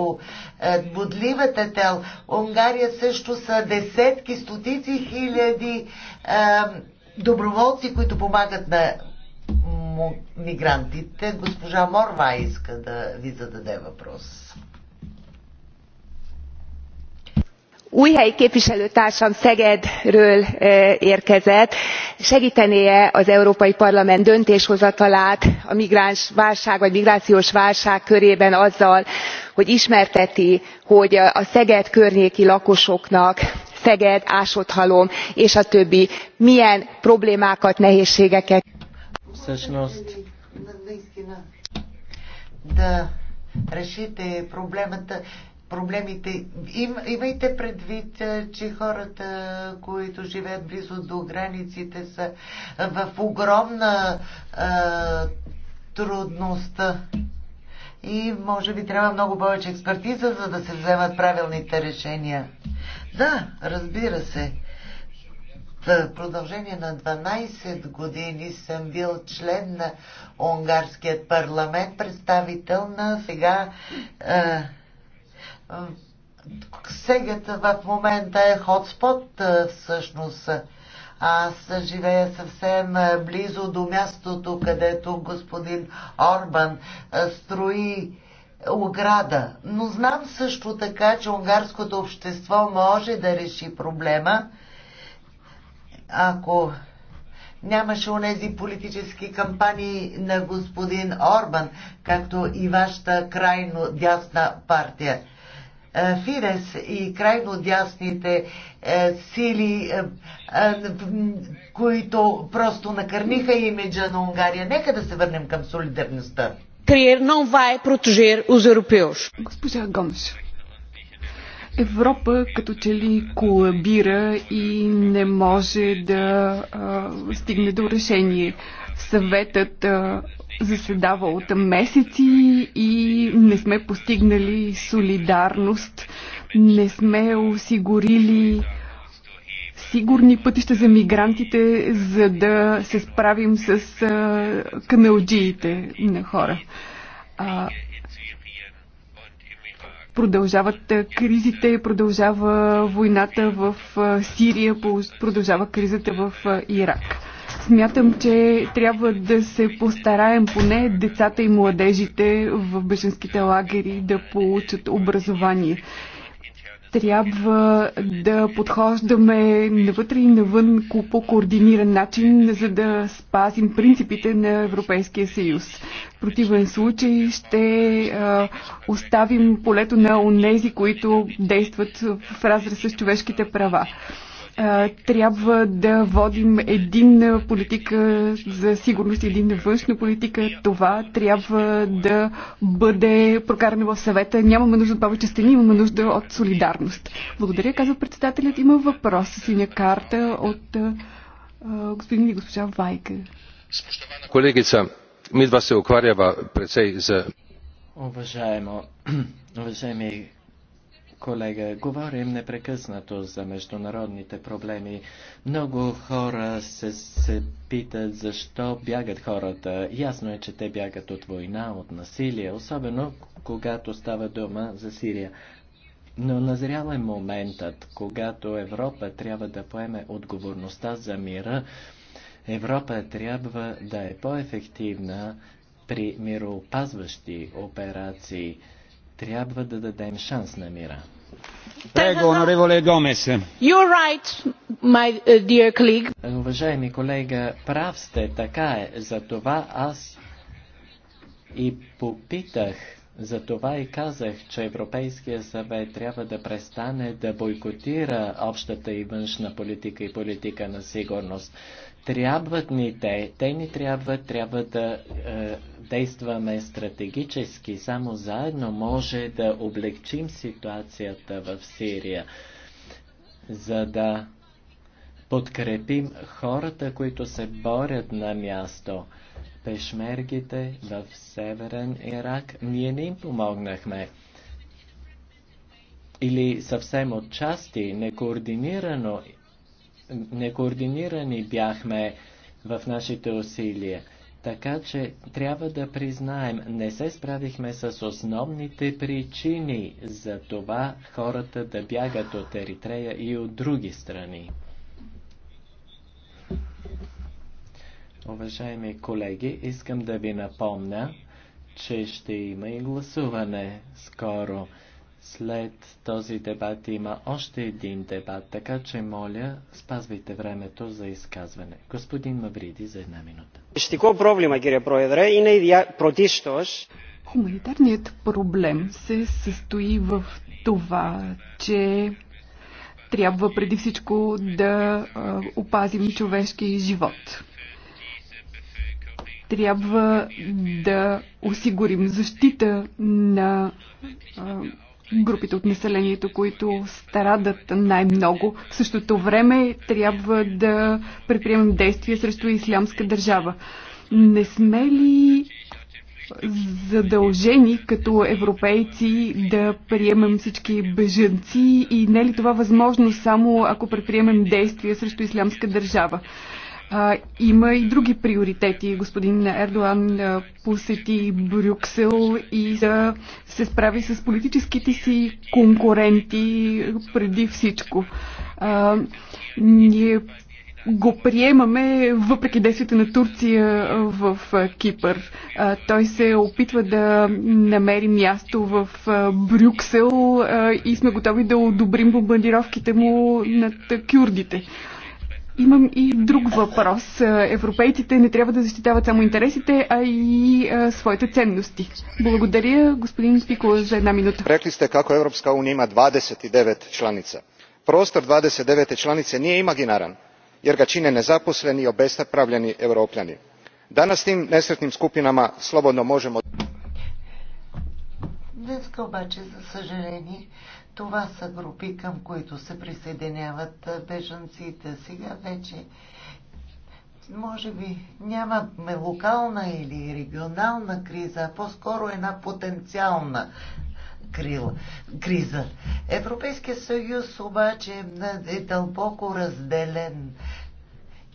е, бодливата тел. Унгария също са десетки, стотици хиляди а, доброволци, които помагат на мигрантите. Госпожа Морва иска да ви зададе въпрос. újhelyi képviselőtársam szegedről érkezett segtené e az európai parlament döntéshozatalát a migránsválság vagy migrációs válság körében azzal hogy ismerteti hogy a szeged környéki lakosoknak szeged ásotthalom és a többi milyen problémákat nehézségeket проблемите. Им, имайте предвид, е, че хората, които живеят близо до границите, са е, в огромна а, е, трудност. И може би трябва много повече експертиза, за да се вземат правилните решения. Да, разбира се. В продължение на 12 години съм бил член на Унгарският парламент, представител на сега. А, Сегата в момента е хотспот всъщност. Аз живея съвсем близо до мястото, където господин Орбан строи ограда. Но знам също така, че унгарското общество може да реши проблема, ако нямаше онези политически кампании на господин Орбан, както и вашата крайно дясна партия. Е, Фидес и крайно дясните е, сили, е, които просто накърниха имиджа на Унгария. Нека да се върнем към солидарността. Криер não vai протежер уз europeus. Госпожа Гомеш. Европа като че ли колабира и не може да а, стигне до решение. Съветът а, заседава от месеци и не сме постигнали солидарност, не сме осигурили сигурни пътища за мигрантите, за да се справим с а, каналджиите на хора. А, продължават кризите, продължава войната в Сирия, продължава кризата в Ирак. Смятам, че трябва да се постараем поне децата и младежите в беженските лагери да получат образование. Трябва да подхождаме навътре и навън по координиран начин, за да спазим принципите на Европейския съюз. В противен случай ще а, оставим полето на онези, които действат в разрез с човешките права трябва да водим единна политика за сигурност единна външна политика. Това трябва да бъде прокарано в съвета. Нямаме нужда от повече стени, имаме нужда от солидарност. Благодаря, казва председателят. Има въпрос с синя карта от господин и госпожа Вайка. Колегица, ми два се окварява прецей за... Уважаемо, уважаеми колега. Говорим непрекъснато за международните проблеми. Много хора се, се питат защо бягат хората. Ясно е, че те бягат от война, от насилие, особено когато става дума за Сирия. Но назрял е моментът, когато Европа трябва да поеме отговорността за мира. Европа трябва да е по-ефективна при мироопазващи операции. Трябва да дадем шанс на мира. Uh, е, уважаеми колега, прав сте, така е. За това аз и попитах, за това и казах, че Европейския съвет трябва да престане да бойкотира общата и външна политика и политика на сигурност. Трябват ни те, те ни трябват, трябва да е, действаме стратегически, само заедно може да облегчим ситуацията в Сирия, за да подкрепим хората, които се борят на място. Пешмергите в Северен Ирак, ние не им помогнахме. Или съвсем отчасти, некоординирано, некоординирани бяхме в нашите усилия. Така че трябва да признаем, не се справихме с основните причини за това хората да бягат от Еритрея и от други страни. Уважаеми колеги, искам да ви напомня, че ще има и гласуване скоро. След този дебат има още един дебат, така че моля, спазвайте времето за изказване. Господин Мавриди за една минута. Истико проблема, кире Проедре, идея протистос. Хуманитарният проблем се състои в това, че трябва преди всичко да опазим човешкия живот трябва да осигурим защита на а, групите от населението, които страдат най-много. В същото време трябва да предприемем действия срещу ислямска държава. Не сме ли задължени като европейци да приемем всички бежанци и не е ли това възможно само ако предприемем действия срещу ислямска държава? А, има и други приоритети. Господин Ердоан посети Брюксел и да се справи с политическите си конкуренти преди всичко. А, ние го приемаме въпреки действията на Турция в Кипър. Той се опитва да намери място в Брюксел и сме готови да одобрим бомбардировките му над кюрдите. Имам и друг въпрос. Европейците не трябва да защитават само интересите, а и а, своите ценности. Благодаря, господин Пикола, за една минута. Рекли сте како Европска уния има 29 членица. Простор 29 членица не е имагинаран, jer га чине незапослени и обестаправлени европляни. Данас тим несретним скупинама слободно можемо... Днеска обаче, за съжаление, това са групи, към които се присъединяват бежанците. Сега вече може би нямаме локална или регионална криза, а по-скоро една потенциална крила, криза. Европейския съюз обаче е дълбоко разделен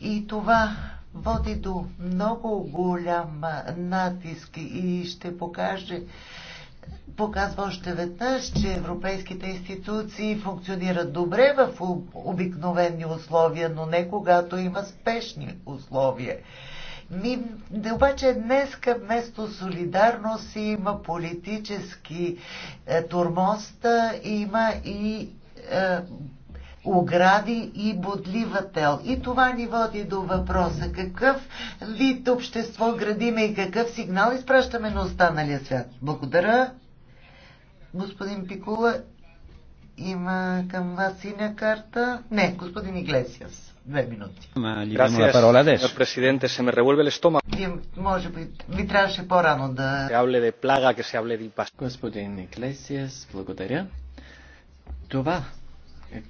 и това води до много голям натиск и ще покаже показва още веднъж, че европейските институции функционират добре в обикновени условия, но не когато има спешни условия. Ми, обаче днес вместо солидарност има политически е, турмост, има и е, огради и бодлива И това ни води до въпроса какъв вид общество градиме и какъв сигнал изпращаме на останалия свят. Благодаря. Господин Пикула, има към вас синя карта. Не, господин Иглесиас. Две минути. Gracias, señor presidente. Se me Вие, може би, ви трябваше по-рано да... Господин Иглесиас, благодаря. Това,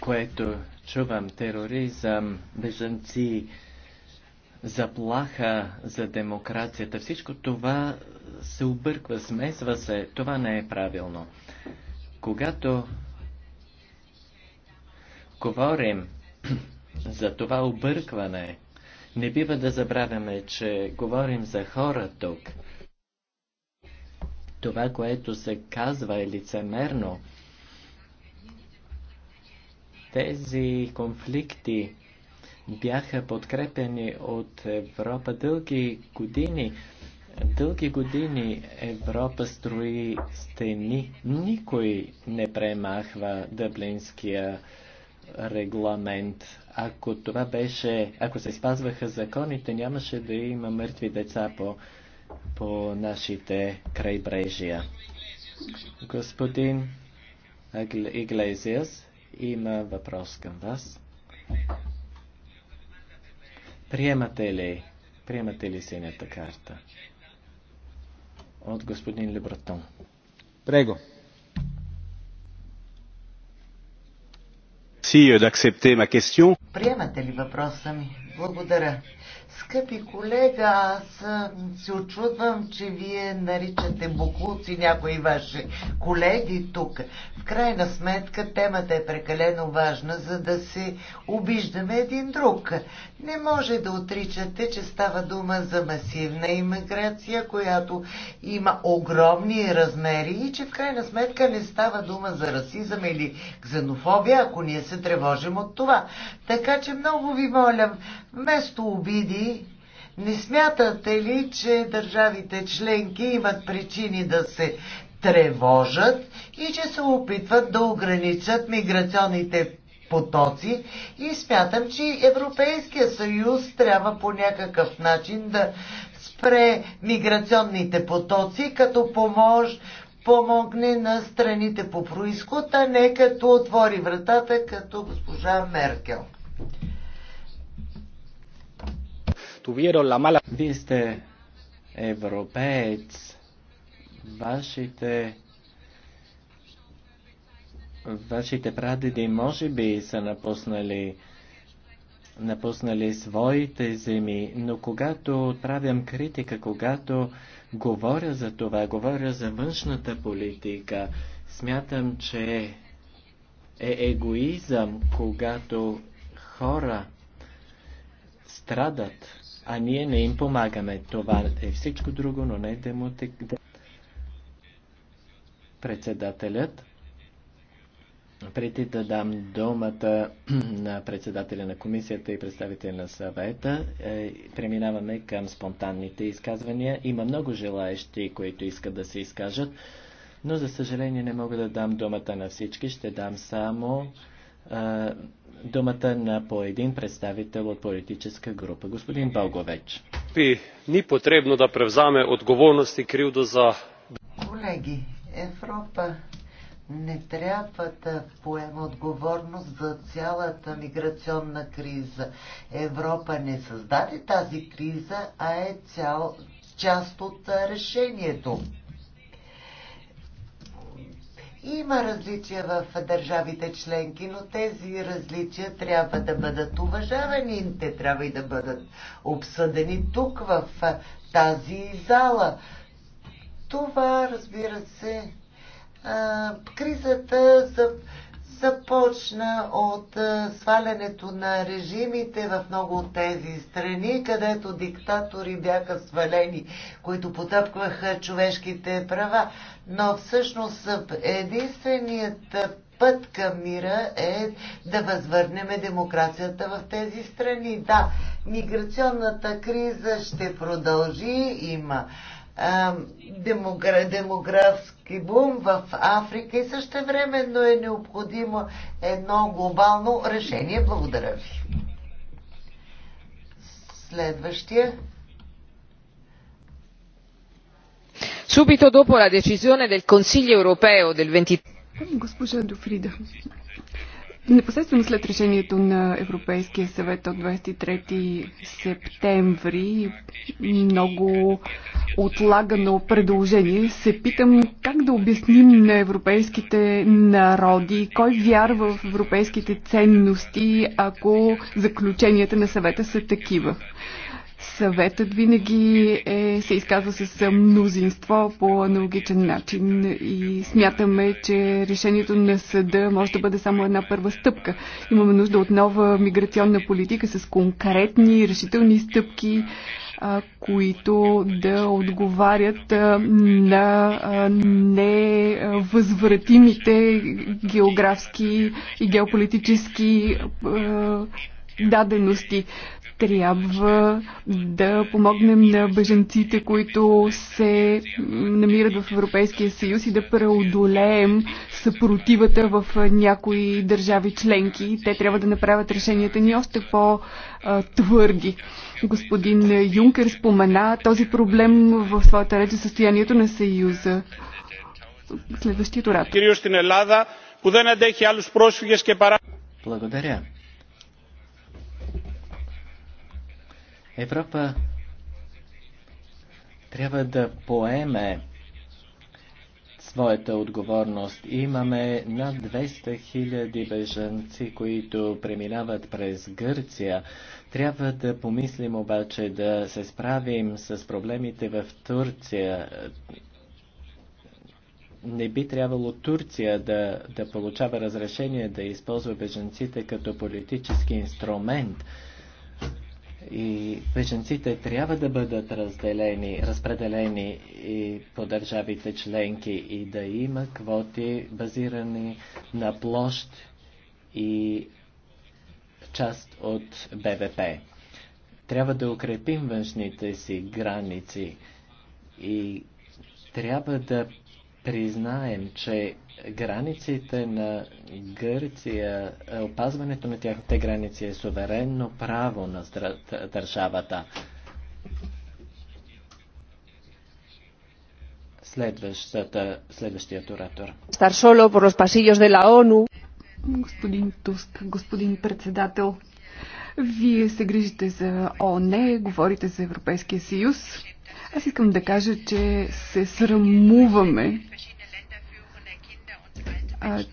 което чувам, тероризъм, бежанци, заплаха за демокрацията, всичко това се обърква, смесва се. Това не е правилно. Когато говорим за това объркване, не бива да забравяме, че говорим за хора тук. Това, което се казва е лицемерно. Тези конфликти бяха подкрепени от Европа дълги години. Дълги години Европа строи стени. Никой не премахва дъблинския регламент. Ако това беше, ако се спазваха законите, нямаше да има мъртви деца по, по нашите крайбрежия. Господин Иглезиас има въпрос към вас. Приемате ли, приемате ли синята карта? от господин Лебратон. Прего. Euh, Приемате ли въпроса ми? Благодаря. Скъпи колега, аз се очудвам, че вие наричате буклуци някои ваши колеги тук. В крайна сметка темата е прекалено важна, за да се обиждаме един друг. Не може да отричате, че става дума за масивна иммиграция, която има огромни размери и че в крайна сметка не става дума за расизъм или ксенофобия, ако ние се тревожим от това. Така че много ви моля, вместо обиди не смятате ли, че държавите членки имат причини да се тревожат и че се опитват да ограничат миграционните потоци и смятам, че Европейския съюз трябва по някакъв начин да спре миграционните потоци, като помож, помогне на страните по происход, а не като отвори вратата като госпожа Меркел. tuvieron la mala... Вие сте европеец. Вашите... Вашите прадеди може би са напуснали своите земи, но когато отправям критика, когато говоря за това, говоря за външната политика, смятам, че е егоизъм, когато хора страдат а ние не им помагаме. Това е всичко друго, но не демотик. Председателят, преди да дам думата на председателя на комисията и представителя на съвета, е, преминаваме към спонтанните изказвания. Има много желаещи, които искат да се изкажат, но за съжаление не мога да дам думата на всички. Ще дам само думата на по един представител от политическа група. Господин Боговеч. Ни потребно да превзаме отговорност и кривда за... Колеги, Европа не трябва да поема отговорност за цялата миграционна криза. Европа не създаде тази криза, а е цял част от решението. Има различия в държавите членки, но тези различия трябва да бъдат уважавани, те трябва и да бъдат обсъдени тук, в тази зала. Това, разбира се, кризата за започна от е, свалянето на режимите в много от тези страни, където диктатори бяха свалени, които потъпкваха човешките права. Но всъщност единственият път към мира е да възвърнем демокрацията в тези страни. Да, миграционната криза ще продължи, има демографски економически бум в Африка и също времено е необходимо едно глобално решение. Благодаря ви. Следващия. Subito dopo la decisione del Consiglio europeo del 23. Госпожа Дуфрида, Непосредствено след решението на Европейския съвет от 23 септември, много отлагано предложение, се питам как да обясним на европейските народи, кой вярва в европейските ценности, ако заключенията на съвета са такива. Съветът винаги е, се изказва с мнозинство по аналогичен начин и смятаме, че решението на съда може да бъде само една първа стъпка. Имаме нужда от нова миграционна политика с конкретни решителни стъпки, които да отговарят на невъзвратимите географски и геополитически дадености трябва да помогнем на беженците, които се намират в Европейския съюз и да преодолеем съпротивата в някои държави членки. Те трябва да направят решенията ни още по-твърди. Господин Юнкер спомена този проблем в своята реч за състоянието на Съюза. Следващият урат. Благодаря. Европа трябва да поеме своята отговорност. Имаме над 200 000 бежанци, които преминават през Гърция. Трябва да помислим обаче да се справим с проблемите в Турция. Не би трябвало Турция да, да получава разрешение да използва бежанците като политически инструмент и беженците трябва да бъдат разделени, разпределени и по държавите членки и да има квоти базирани на площ и част от БВП. Трябва да укрепим външните си граници и трябва да признаем, че границите на Гърция, е, опазването на тяхните граници е суверенно право на държавата. следващият оратор. Стар соло по los pasillos de la ONU. Господин Туск, господин председател, вие се грижите за ОНЕ, говорите за Европейския съюз. Аз искам да кажа, че се срамуваме, а,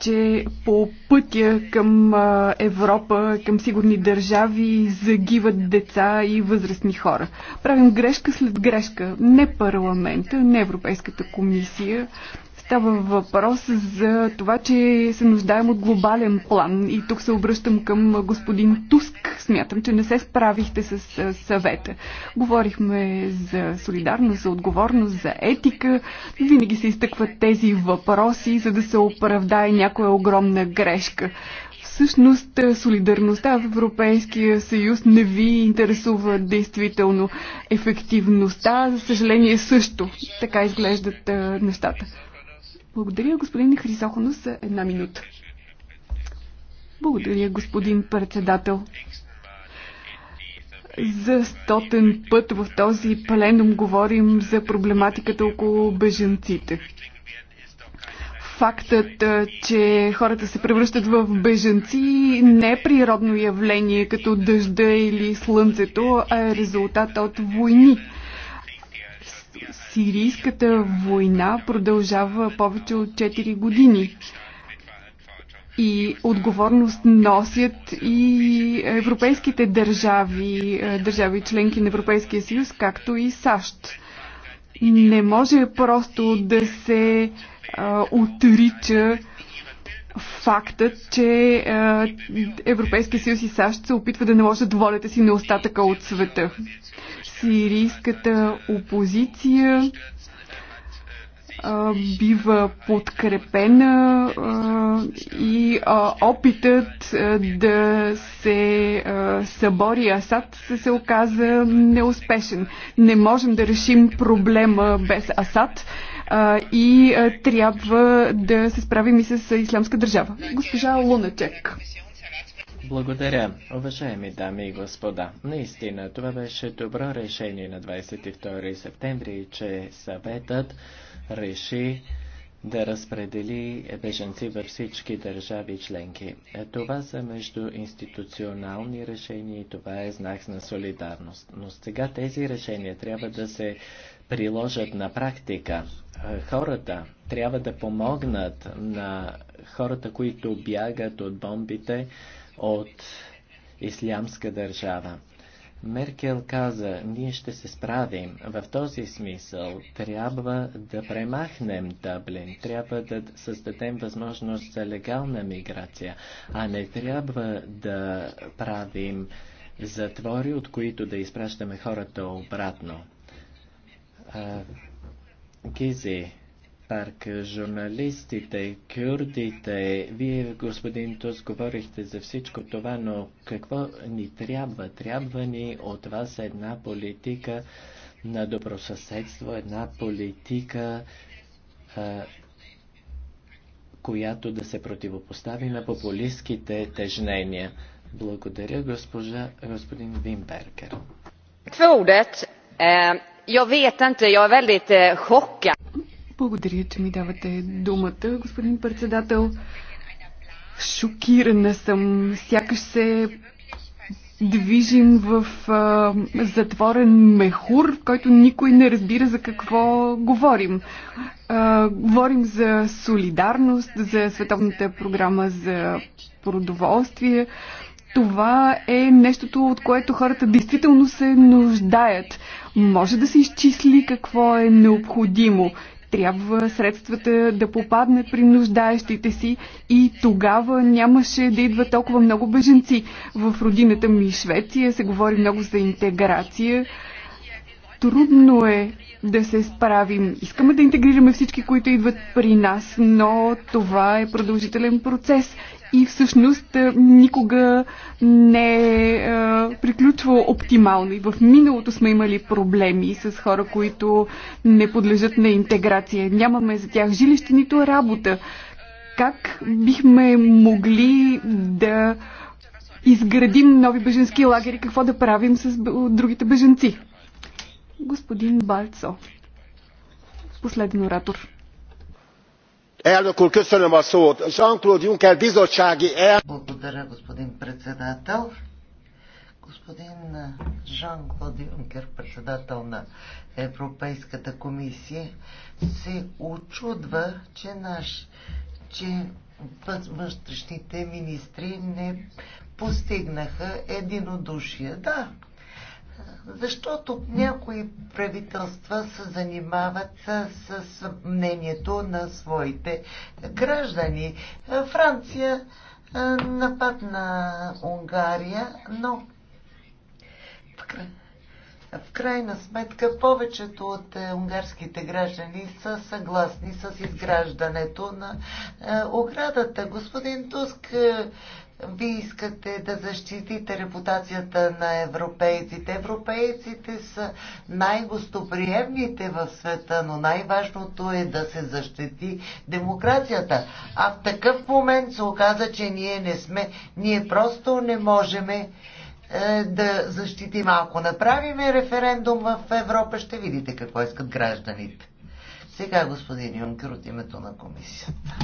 че по пътя към а, Европа, към сигурни държави, загиват деца и възрастни хора. Правим грешка след грешка. Не парламента, не Европейската комисия, Става въпрос за това, че се нуждаем от глобален план и тук се обръщам към господин Туск. Смятам, че не се справихте с съвета. Говорихме за солидарност, за отговорност, за етика. Винаги се изтъкват тези въпроси, за да се оправдае някоя огромна грешка. Всъщност солидарността в Европейския съюз не ви интересува действително ефективността, за съжаление също. Така изглеждат нещата. Благодаря, господин Хризохонос, за една минута. Благодаря, господин председател. За стотен път в този пленум говорим за проблематиката около беженците. Фактът, че хората се превръщат в беженци не е природно явление като дъжда или слънцето, а е резултат от войни Сирийската война продължава повече от 4 години и отговорност носят и европейските държави, е, държави членки на Европейския съюз, както и САЩ. Не може просто да се а, е, отрича фактът, че е, Европейския съюз и САЩ се опитват да наложат волята си на остатъка от света сирийската опозиция бива подкрепена и опитът да се събори Асад се оказа неуспешен. Не можем да решим проблема без Асад и трябва да се справим и с ислямска държава. Госпожа Луначек. Благодаря, уважаеми дами и господа. Наистина, това беше добро решение на 22 септември, че съветът реши да разпредели беженци във всички държави членки. Е, това са между институционални решения и това е знак на солидарност. Но сега тези решения трябва да се приложат на практика. Е, хората трябва да помогнат на хората, които бягат от бомбите, от ислямска държава. Меркел каза, ние ще се справим. В този смисъл трябва да премахнем Дъблин, трябва да създадем възможност за легална миграция, а не трябва да правим затвори, от които да изпращаме хората обратно. Гизи, парк, журналистите, кюрдите, вие, господин Тус, говорихте за всичко това, но какво ни трябва? Трябва ни от вас една политика на добросъседство, една политика, а, която да се противопостави на популистските тежнения. Благодаря, госпожа, господин Вимбергер. Това е Я vet inte, jag är väldigt eh, chockad. Благодаря, че ми давате думата, господин председател. Шокирана съм. Сякаш се движим в а, затворен мехур, в който никой не разбира за какво говорим. А, говорим за солидарност, за Световната програма за продоволствие. Това е нещото, от което хората действително се нуждаят. Може да се изчисли какво е необходимо трябва средствата да попаднат при нуждаещите си и тогава нямаше да идва толкова много беженци. В родината ми Швеция се говори много за интеграция. Трудно е да се справим. Искаме да интегрираме всички, които идват при нас, но това е продължителен процес и всъщност никога не е приключвал оптимално. И в миналото сме имали проблеми с хора, които не подлежат на интеграция. Нямаме за тях жилище, нито работа. Как бихме могли да изградим нови беженски лагери, какво да правим с другите беженци? Господин Бальцо, последен оратор. Благодаря, господин председател. Господин Жан-Клод Юнкер, председател на Европейската комисия, се очудва, че наш, че вътрешните министри не постигнаха единодушие. Да, защото някои правителства се занимават с, с мнението на своите граждани. Франция нападна Унгария, но в крайна сметка повечето от е, унгарските граждани са съгласни с изграждането на е, оградата. Господин Туск е, вие искате да защитите репутацията на европейците. Европейците са най-гостоприемните в света, но най-важното е да се защити демокрацията. А в такъв момент се оказа, че ние не сме, ние просто не можем е, да защитим. Ако направиме референдум в Европа, ще видите какво искат гражданите. Сега господин Юнкер от името на комисията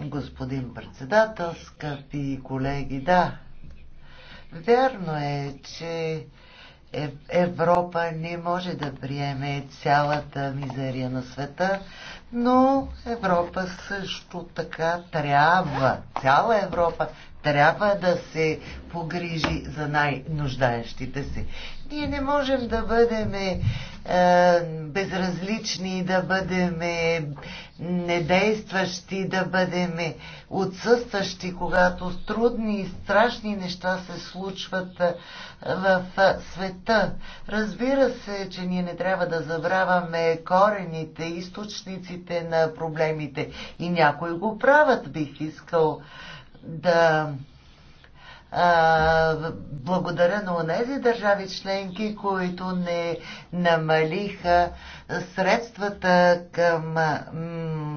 господин председател, скъпи колеги, да, вярно е, че Европа не може да приеме цялата мизерия на света, но Европа също така трябва, цяла Европа трябва да се погрижи за най-нуждаещите се. Ние не можем да бъдем е, безразлични, да бъдем е, недействащи, да бъдем е, отсъстващи, когато трудни и страшни неща се случват е, в света. Разбира се, че ние не трябва да забравяме корените, източниците на проблемите и някои го правят, бих искал да благодаря на тези държави членки, които не намалиха средствата към,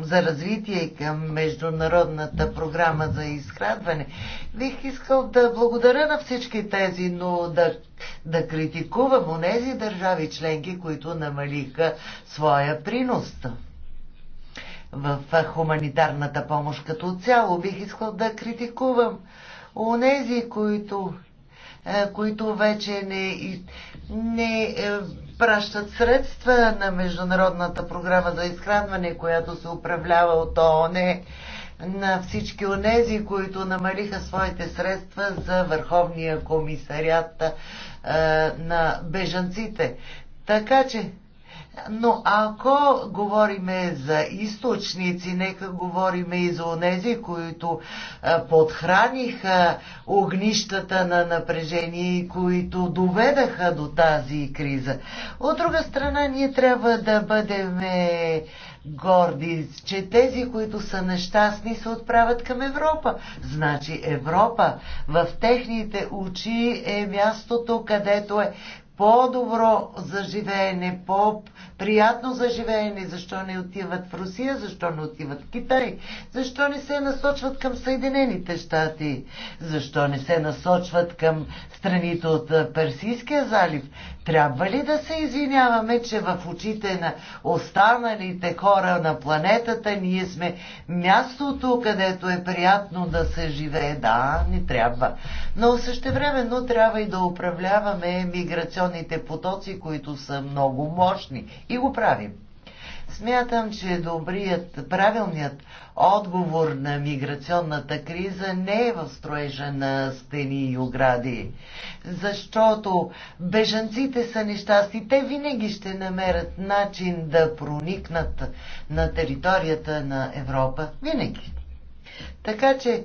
за развитие към Международната програма за изхранване. Бих искал да благодаря на всички тези, но да, да критикувам онези държави членки, които намалиха своя принос в хуманитарната помощ като цяло. Бих искал да критикувам онези, които, е, които вече не, не е, пращат средства на Международната програма за изхранване, която се управлява от ООН, на всички онези, които намалиха своите средства за Върховния комисарят е, на бежанците. Така че но ако говориме за източници, нека говориме и за онези, които подхраниха огнищата на напрежение и които доведаха до тази криза. От друга страна, ние трябва да бъдем горди, че тези, които са нещастни, се отправят към Европа. Значи Европа в техните очи е мястото, където е по-добро за живеене, по-приятно за живеене, защо не отиват в Русия, защо не отиват в Китай, защо не се насочват към Съединените щати, защо не се насочват към страните от Персийския залив. Трябва ли да се извиняваме, че в очите на останалите хора на планетата ние сме мястото, където е приятно да се живее? Да, ни трябва. Но същевременно трябва и да управляваме миграционните потоци, които са много мощни. И го правим. Смятам, че добрият, правилният отговор на миграционната криза не е в строежа на стени и огради, защото бежанците са нещасти. Те винаги ще намерят начин да проникнат на територията на Европа. Винаги. Така че е,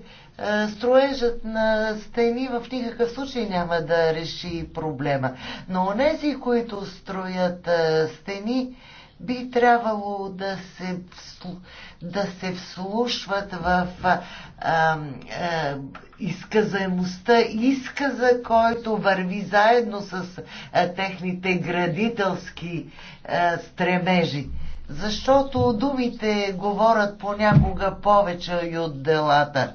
строежът на стени в никакъв случай няма да реши проблема. Но онези, които строят е, стени, би трябвало да се, да се вслушват в а, а, изказаемостта, изказа, който върви заедно с а, техните градителски а, стремежи. Защото думите говорят понякога повече и от делата.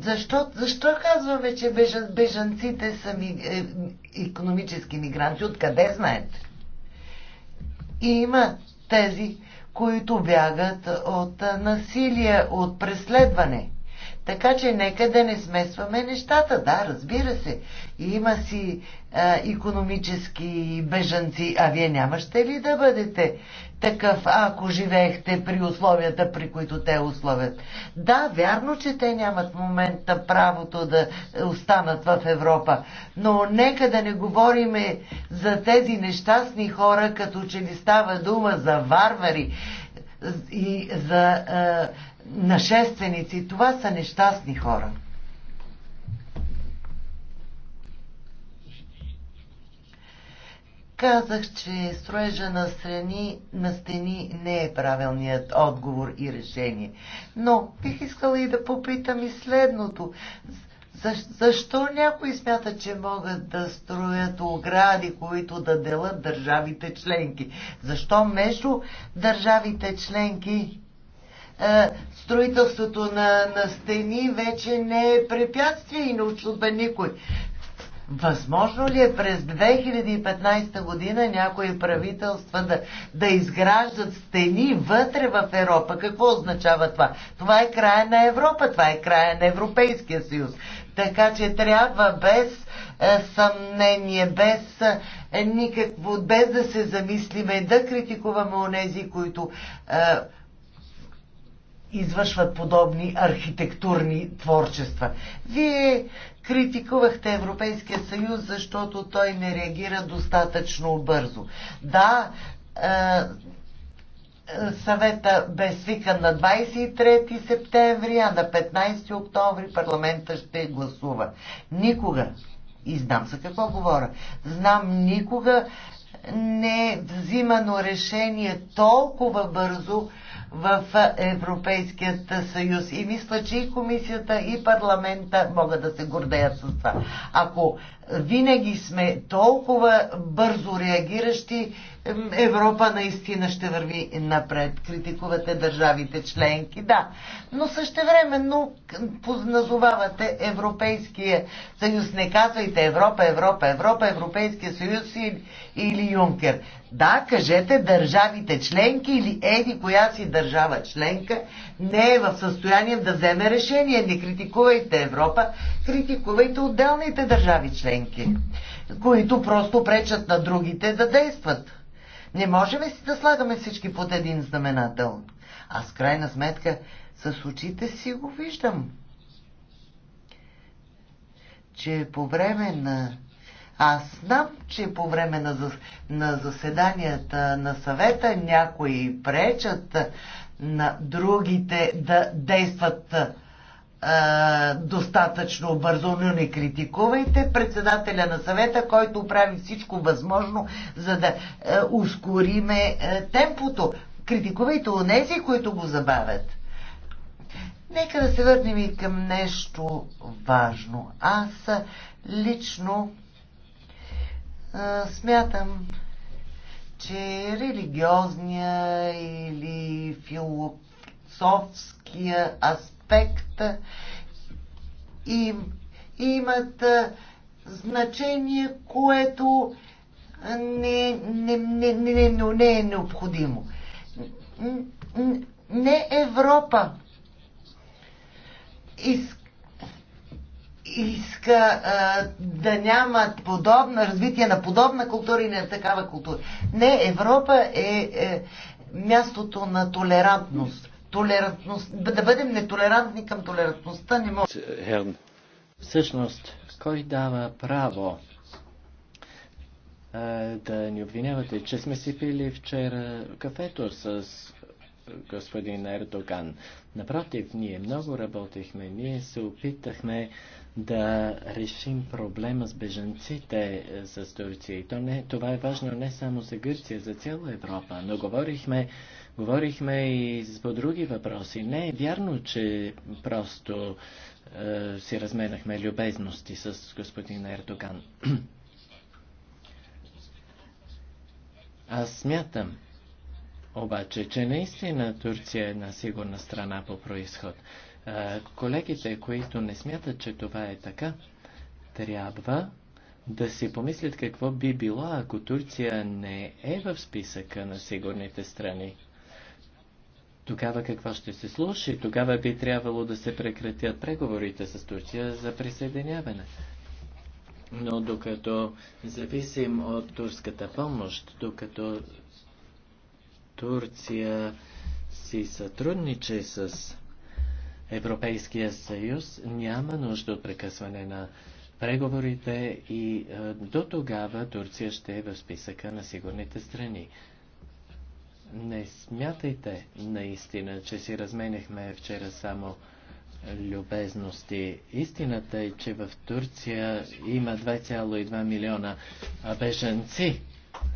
Защо, защо казваме, че бежанците са ми, е, економически мигранти? Откъде знаете? Има тези, които бягат от насилие, от преследване. Така че нека да не смесваме нещата. Да, разбира се. Има си а, економически бежанци, а вие нямаше ли да бъдете такъв, ако живеехте при условията, при които те условят? Да, вярно, че те нямат в момента правото да останат в Европа, но нека да не говориме за тези нещастни хора, като че ли става дума за варвари и за а, нашественици. Това са нещастни хора. Казах, че строежа на страни на стени не е правилният отговор и решение. Но бих искала и да попитам и следното. Защо, защо някои смятат, че могат да строят огради, които да делят държавите членки? Защо между държавите членки е, строителството на, на стени вече не е препятствие и не очудва никой. Възможно ли е през 2015 година някои правителства да, да изграждат стени вътре в Европа? Какво означава това? Това е края на Европа, това е края на Европейския съюз. Така че трябва без е, съмнение, без е, никакво, без да се замислиме, да критикуваме онези, които е, извършват подобни архитектурни творчества. Вие критикувахте Европейския съюз, защото той не реагира достатъчно бързо. Да, е, съвета бе свикан на 23 септември, а на 15 октомври парламента ще гласува. Никога, и знам за какво говоря, знам никога не е взимано решение толкова бързо, в Европейският съюз. И мисля, че и комисията, и парламента могат да се гордеят с това. Ако винаги сме толкова бързо реагиращи, Европа наистина ще върви напред. Критикувате държавите членки, да. Но също но назовавате Европейския съюз. Не казвайте Европа, Европа, Европа, Европейския съюз или, или Юнкер. Да, кажете държавите членки или еди коя си държава членка не е в състояние да вземе решение. Не критикувайте Европа, критикувайте отделните държави членки, които просто пречат на другите да действат. Не можем си да слагаме всички под един знаменател. Аз крайна сметка с очите си го виждам. Че по време на... Аз знам, че по време на, зас... на заседанията на съвета някои пречат на другите да действат достатъчно бързо, но не критикувайте председателя на съвета, който прави всичко възможно, за да ускориме темпото. Критикувайте онези, които го забавят. Нека да се върнем и към нещо важно. Аз лично смятам, че религиозния или философския аспект аспекта и имат значение, което не, не, не, не, не, не е необходимо. Не Европа иска иска а, да няма подобна развитие на подобна култура и на такава култура. Не, Европа е, е мястото на толерантност толерантност, да бъдем нетолерантни към толерантността не може. Всъщност, кой дава право е, да ни обвинявате, че сме си пили вчера кафето с е, господин Ердоган. Напротив, ние много работихме, ние се опитахме да решим проблема с беженците е, с Турция. И то не, това е важно не само за Гърция, за цяла Европа, но говорихме Говорихме и по други въпроси. Не е вярно, че просто е, си разменахме любезности с господин Ердоган. Аз смятам, обаче, че наистина Турция е една сигурна страна по происход. Е, колегите, които не смятат, че това е така, трябва да си помислят какво би било, ако Турция не е в списъка на сигурните страни. Тогава какво ще се случи? Тогава би трябвало да се прекратят преговорите с Турция за присъединяване. Но докато зависим от турската помощ, докато Турция си сътрудничи с Европейския съюз, няма нужда от прекъсване на преговорите и до тогава Турция ще е в списъка на сигурните страни. Не смятайте наистина, че си разменяхме вчера само любезности. Истината е, че в Турция има 2,2 милиона бежанци.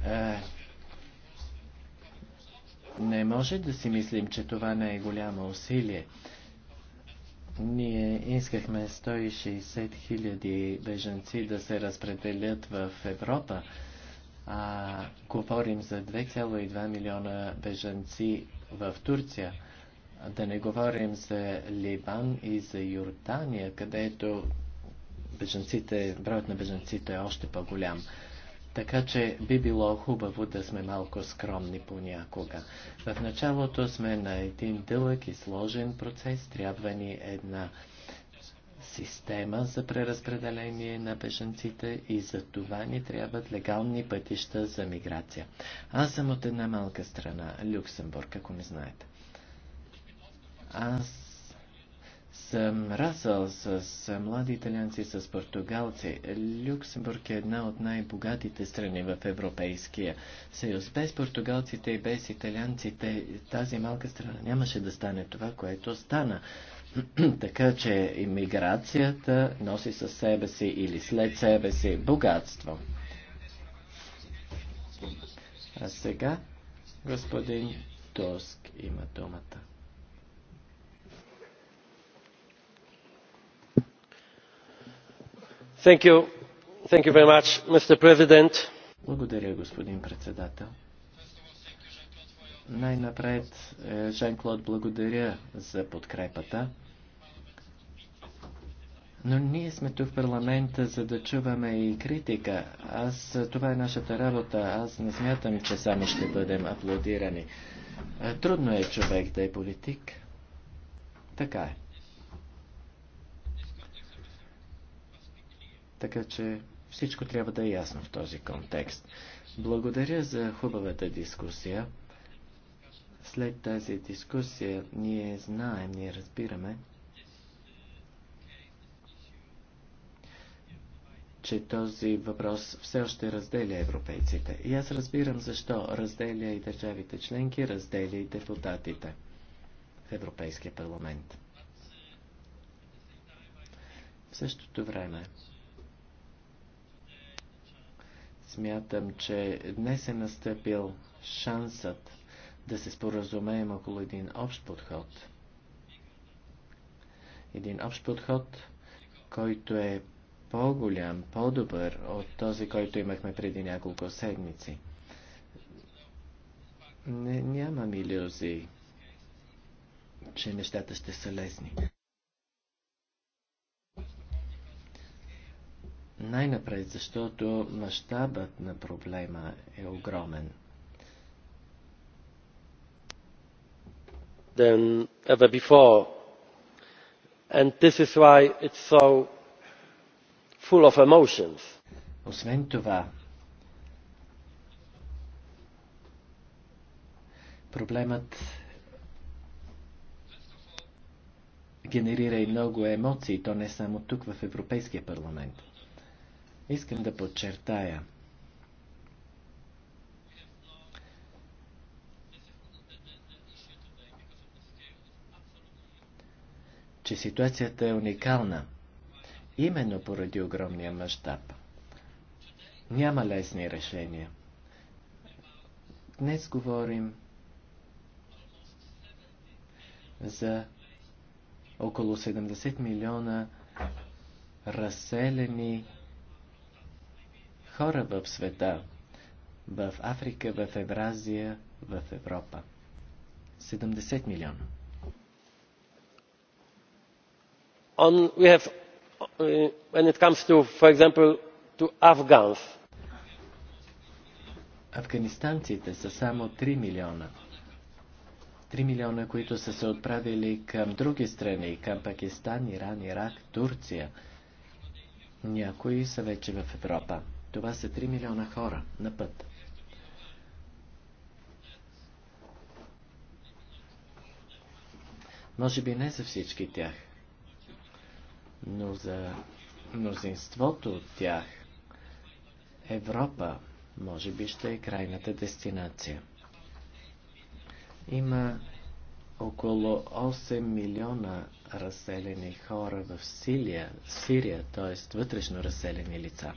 Е, не може да си мислим, че това не е голямо усилие. Ние искахме 160 хиляди бежанци да се разпределят в Европа а, говорим за 2,2 милиона бежанци в Турция. Да не говорим за Либан и за Йордания, където бежанците, броят на бежанците е още по-голям. Така че би било хубаво да сме малко скромни понякога. В началото сме на един дълъг и сложен процес, трябва ни една система за преразпределение на бежанците и за това ни трябват легални пътища за миграция. Аз съм от една малка страна, Люксембург, ако не знаете. Аз съм расъл с млади италианци, с португалци. Люксембург е една от най-богатите страни в Европейския съюз. Без португалците и без италианците тази малка страна нямаше да стане това, което стана. така че иммиграцията носи със себе си или след себе си богатство. А сега господин Тоск има думата. Thank you. Thank you very much, Mr. President. Благодаря, господин председател. Най-напред, е, Жан-Клод, благодаря за подкрепата. Но ние сме тук в парламента, за да чуваме и критика. Аз, това е нашата работа. Аз не смятам, че само ще бъдем аплодирани. Е, трудно е човек да е политик. Така е. Така че всичко трябва да е ясно в този контекст. Благодаря за хубавата дискусия. След тази дискусия ние знаем, ние разбираме, че този въпрос все още разделя европейците. И аз разбирам защо разделя и държавите членки, разделя и депутатите в Европейския парламент. В същото време смятам, че днес е настъпил шансът да се споразумеем около един общ подход. Един общ подход, който е по-голям, по-добър от този, който имахме преди няколко седмици. Не, нямам иллюзии, че нещата ще са лесни. Най-напред, защото мащабът на проблема е огромен. than ever before and this is why it is so full of emotions. Освен това, проблемът генерира и много емоции, то не само тук в Европейския парламент. Искам да подчертая – че ситуацията е уникална. Именно поради огромния мащаб. Няма лесни решения. Днес говорим за около 70 милиона разселени хора в света, в Африка, в Евразия, в Европа. 70 милиона. we have uh, when it comes for example to afghans Афганистанците са само 3 милиона. 3 милиона, които са се отправили към други страни, към Пакистан, Иран, Ирак, Турция. Някои са вече в Европа. Това са 3 милиона хора на път. Може би не за всички тях – но за мнозинството от тях Европа може би ще е крайната дестинация. Има около 8 милиона разселени хора в Силия, Сирия, т.е. вътрешно разселени лица.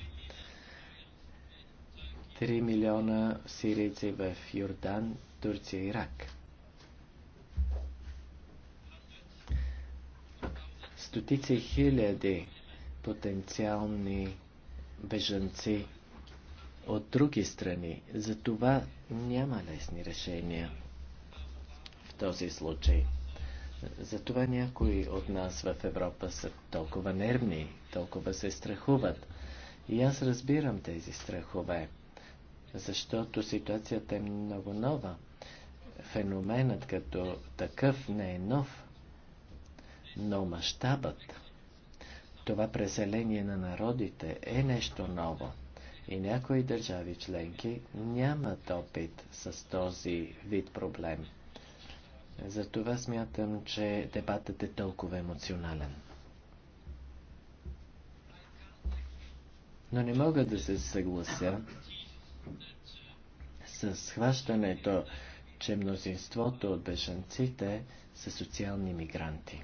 3 милиона сирийци в Йордан, Турция и Ирак. стотици хиляди потенциални бежанци от други страни. За това няма лесни решения в този случай. Затова някои от нас в Европа са толкова нервни, толкова се страхуват. И аз разбирам тези страхове, защото ситуацията е много нова. Феноменът като такъв не е нов. Но мащабът, това преселение на народите е нещо ново. И някои държави членки нямат опит с този вид проблем. Затова смятам, че дебатът е толкова емоционален. Но не мога да се съглася с схващането, че мнозинството от бежанците са социални мигранти.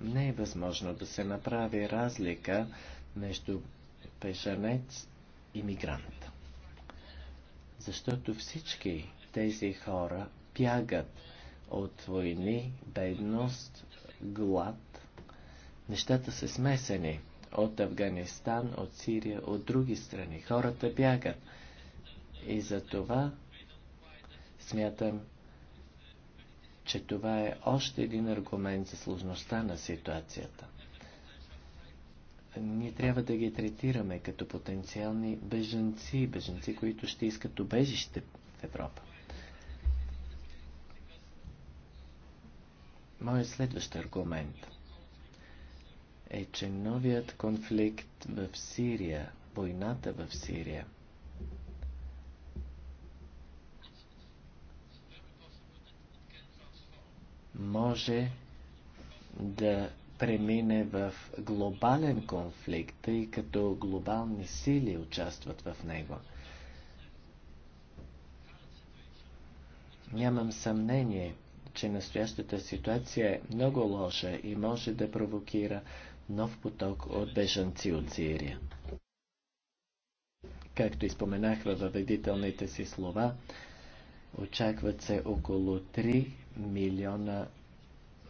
не е възможно да се направи разлика между пешанец и мигрант. Защото всички тези хора бягат от войни, бедност, глад. Нещата са смесени от Афганистан, от Сирия, от други страни. Хората бягат. И за това смятам, че това е още един аргумент за сложността на ситуацията. Ние трябва да ги третираме като потенциални беженци, беженци, които ще искат убежище в Европа. Моят следващ аргумент е, че новият конфликт в Сирия, войната в Сирия – може да премине в глобален конфликт, тъй като глобални сили участват в него. Нямам съмнение, че настоящата ситуация е много лоша и може да провокира нов поток от бежанци от Сирия. Както изпоменах във ведителните си слова, очакват се около 3 милиона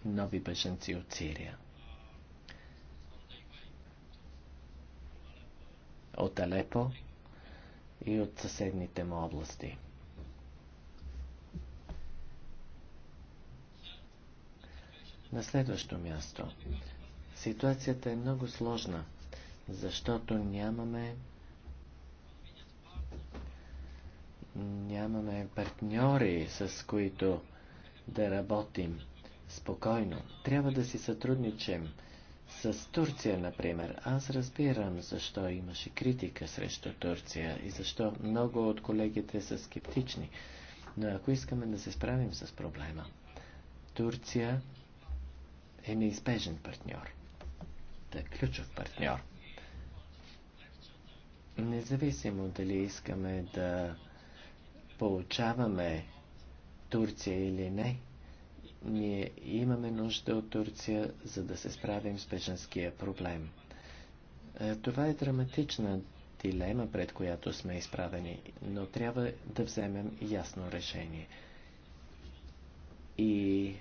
нови беженци от Сирия. От Алепо и от съседните му области. На следващо място. Ситуацията е много сложна, защото нямаме нямаме партньори, с които да работим спокойно. Трябва да си сътрудничим с Турция, например. Аз разбирам защо имаше критика срещу Турция и защо много от колегите са скептични. Но ако искаме да се справим с проблема, Турция е неизбежен партньор. Да е ключов партньор. Независимо дали искаме да получаваме Турция или не, ние имаме нужда от Турция, за да се справим с беженския проблем. Е, това е драматична дилема, пред която сме изправени, но трябва да вземем ясно решение. И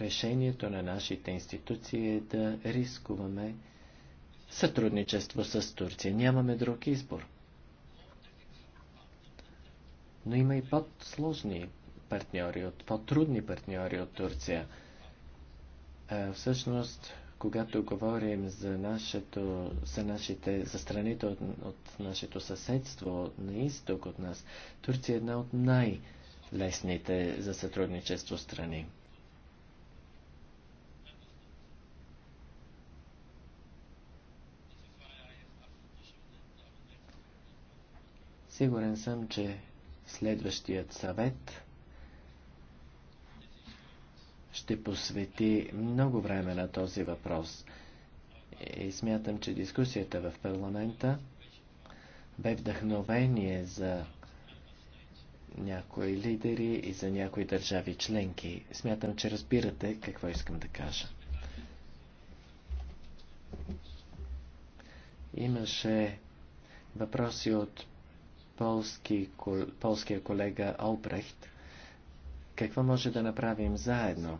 решението на нашите институции е да рискуваме сътрудничество с Турция. Нямаме друг избор. Но има и по-сложни партньори, от по-трудни партньори от Турция. А, всъщност, когато говорим за, нашето, за, нашите, за страните от, от нашето съседство, на изток от нас, Турция е една от най-лесните за сътрудничество страни. Сигурен съм, че Следващият съвет ще посвети много време на този въпрос. И смятам, че дискусията в парламента бе вдъхновение за някои лидери и за някои държави членки. Смятам, че разбирате какво искам да кажа. Имаше въпроси от полски, полския колега Олбрехт, какво може да направим заедно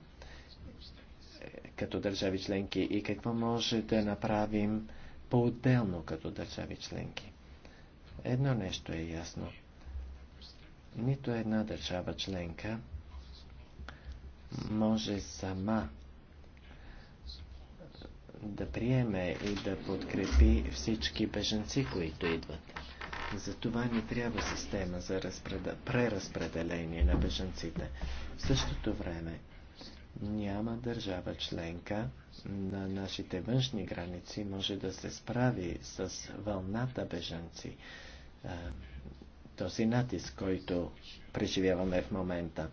е, като държави членки и какво може да направим по-отделно като държави членки. Едно нещо е ясно. Нито една държава членка може сама да приеме и да подкрепи всички беженци, които идват. Затова ни трябва система за преразпределение на бежанците. В същото време няма държава членка на нашите външни граници може да се справи с вълната бежанци. Този натиск, който преживяваме в момента.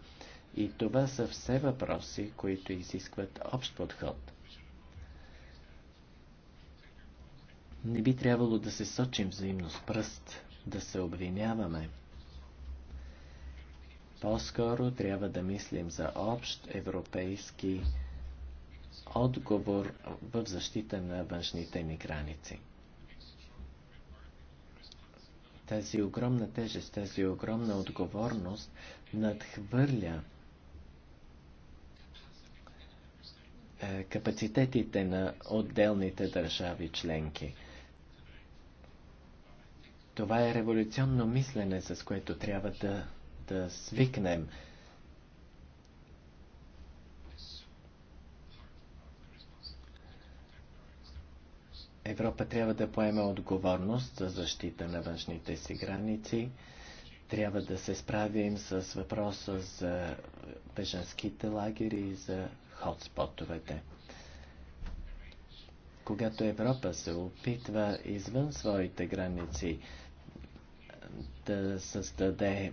И това са все въпроси, които изискват общ подход. Не би трябвало да се сочим взаимно с пръст да се обвиняваме. По-скоро трябва да мислим за общ европейски отговор в защита на външните ни граници. Тази огромна тежест, тази огромна отговорност надхвърля е, капацитетите на отделните държави членки. Това е революционно мислене, с което трябва да, да свикнем. Европа трябва да поеме отговорност за защита на външните си граници. Трябва да се справим с въпроса за беженските лагери и за хотспотовете. Когато Европа се опитва извън своите граници да създаде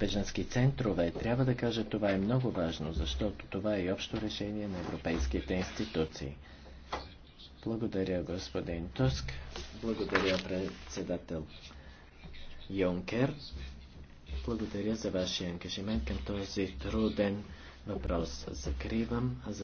беженски центрове. Трябва да кажа, това е много важно, защото това е и общо решение на европейските институции. Благодаря, господин Туск. Благодаря, председател Йонкер. Благодаря за вашия ангажимент към този труден въпрос. Закривам.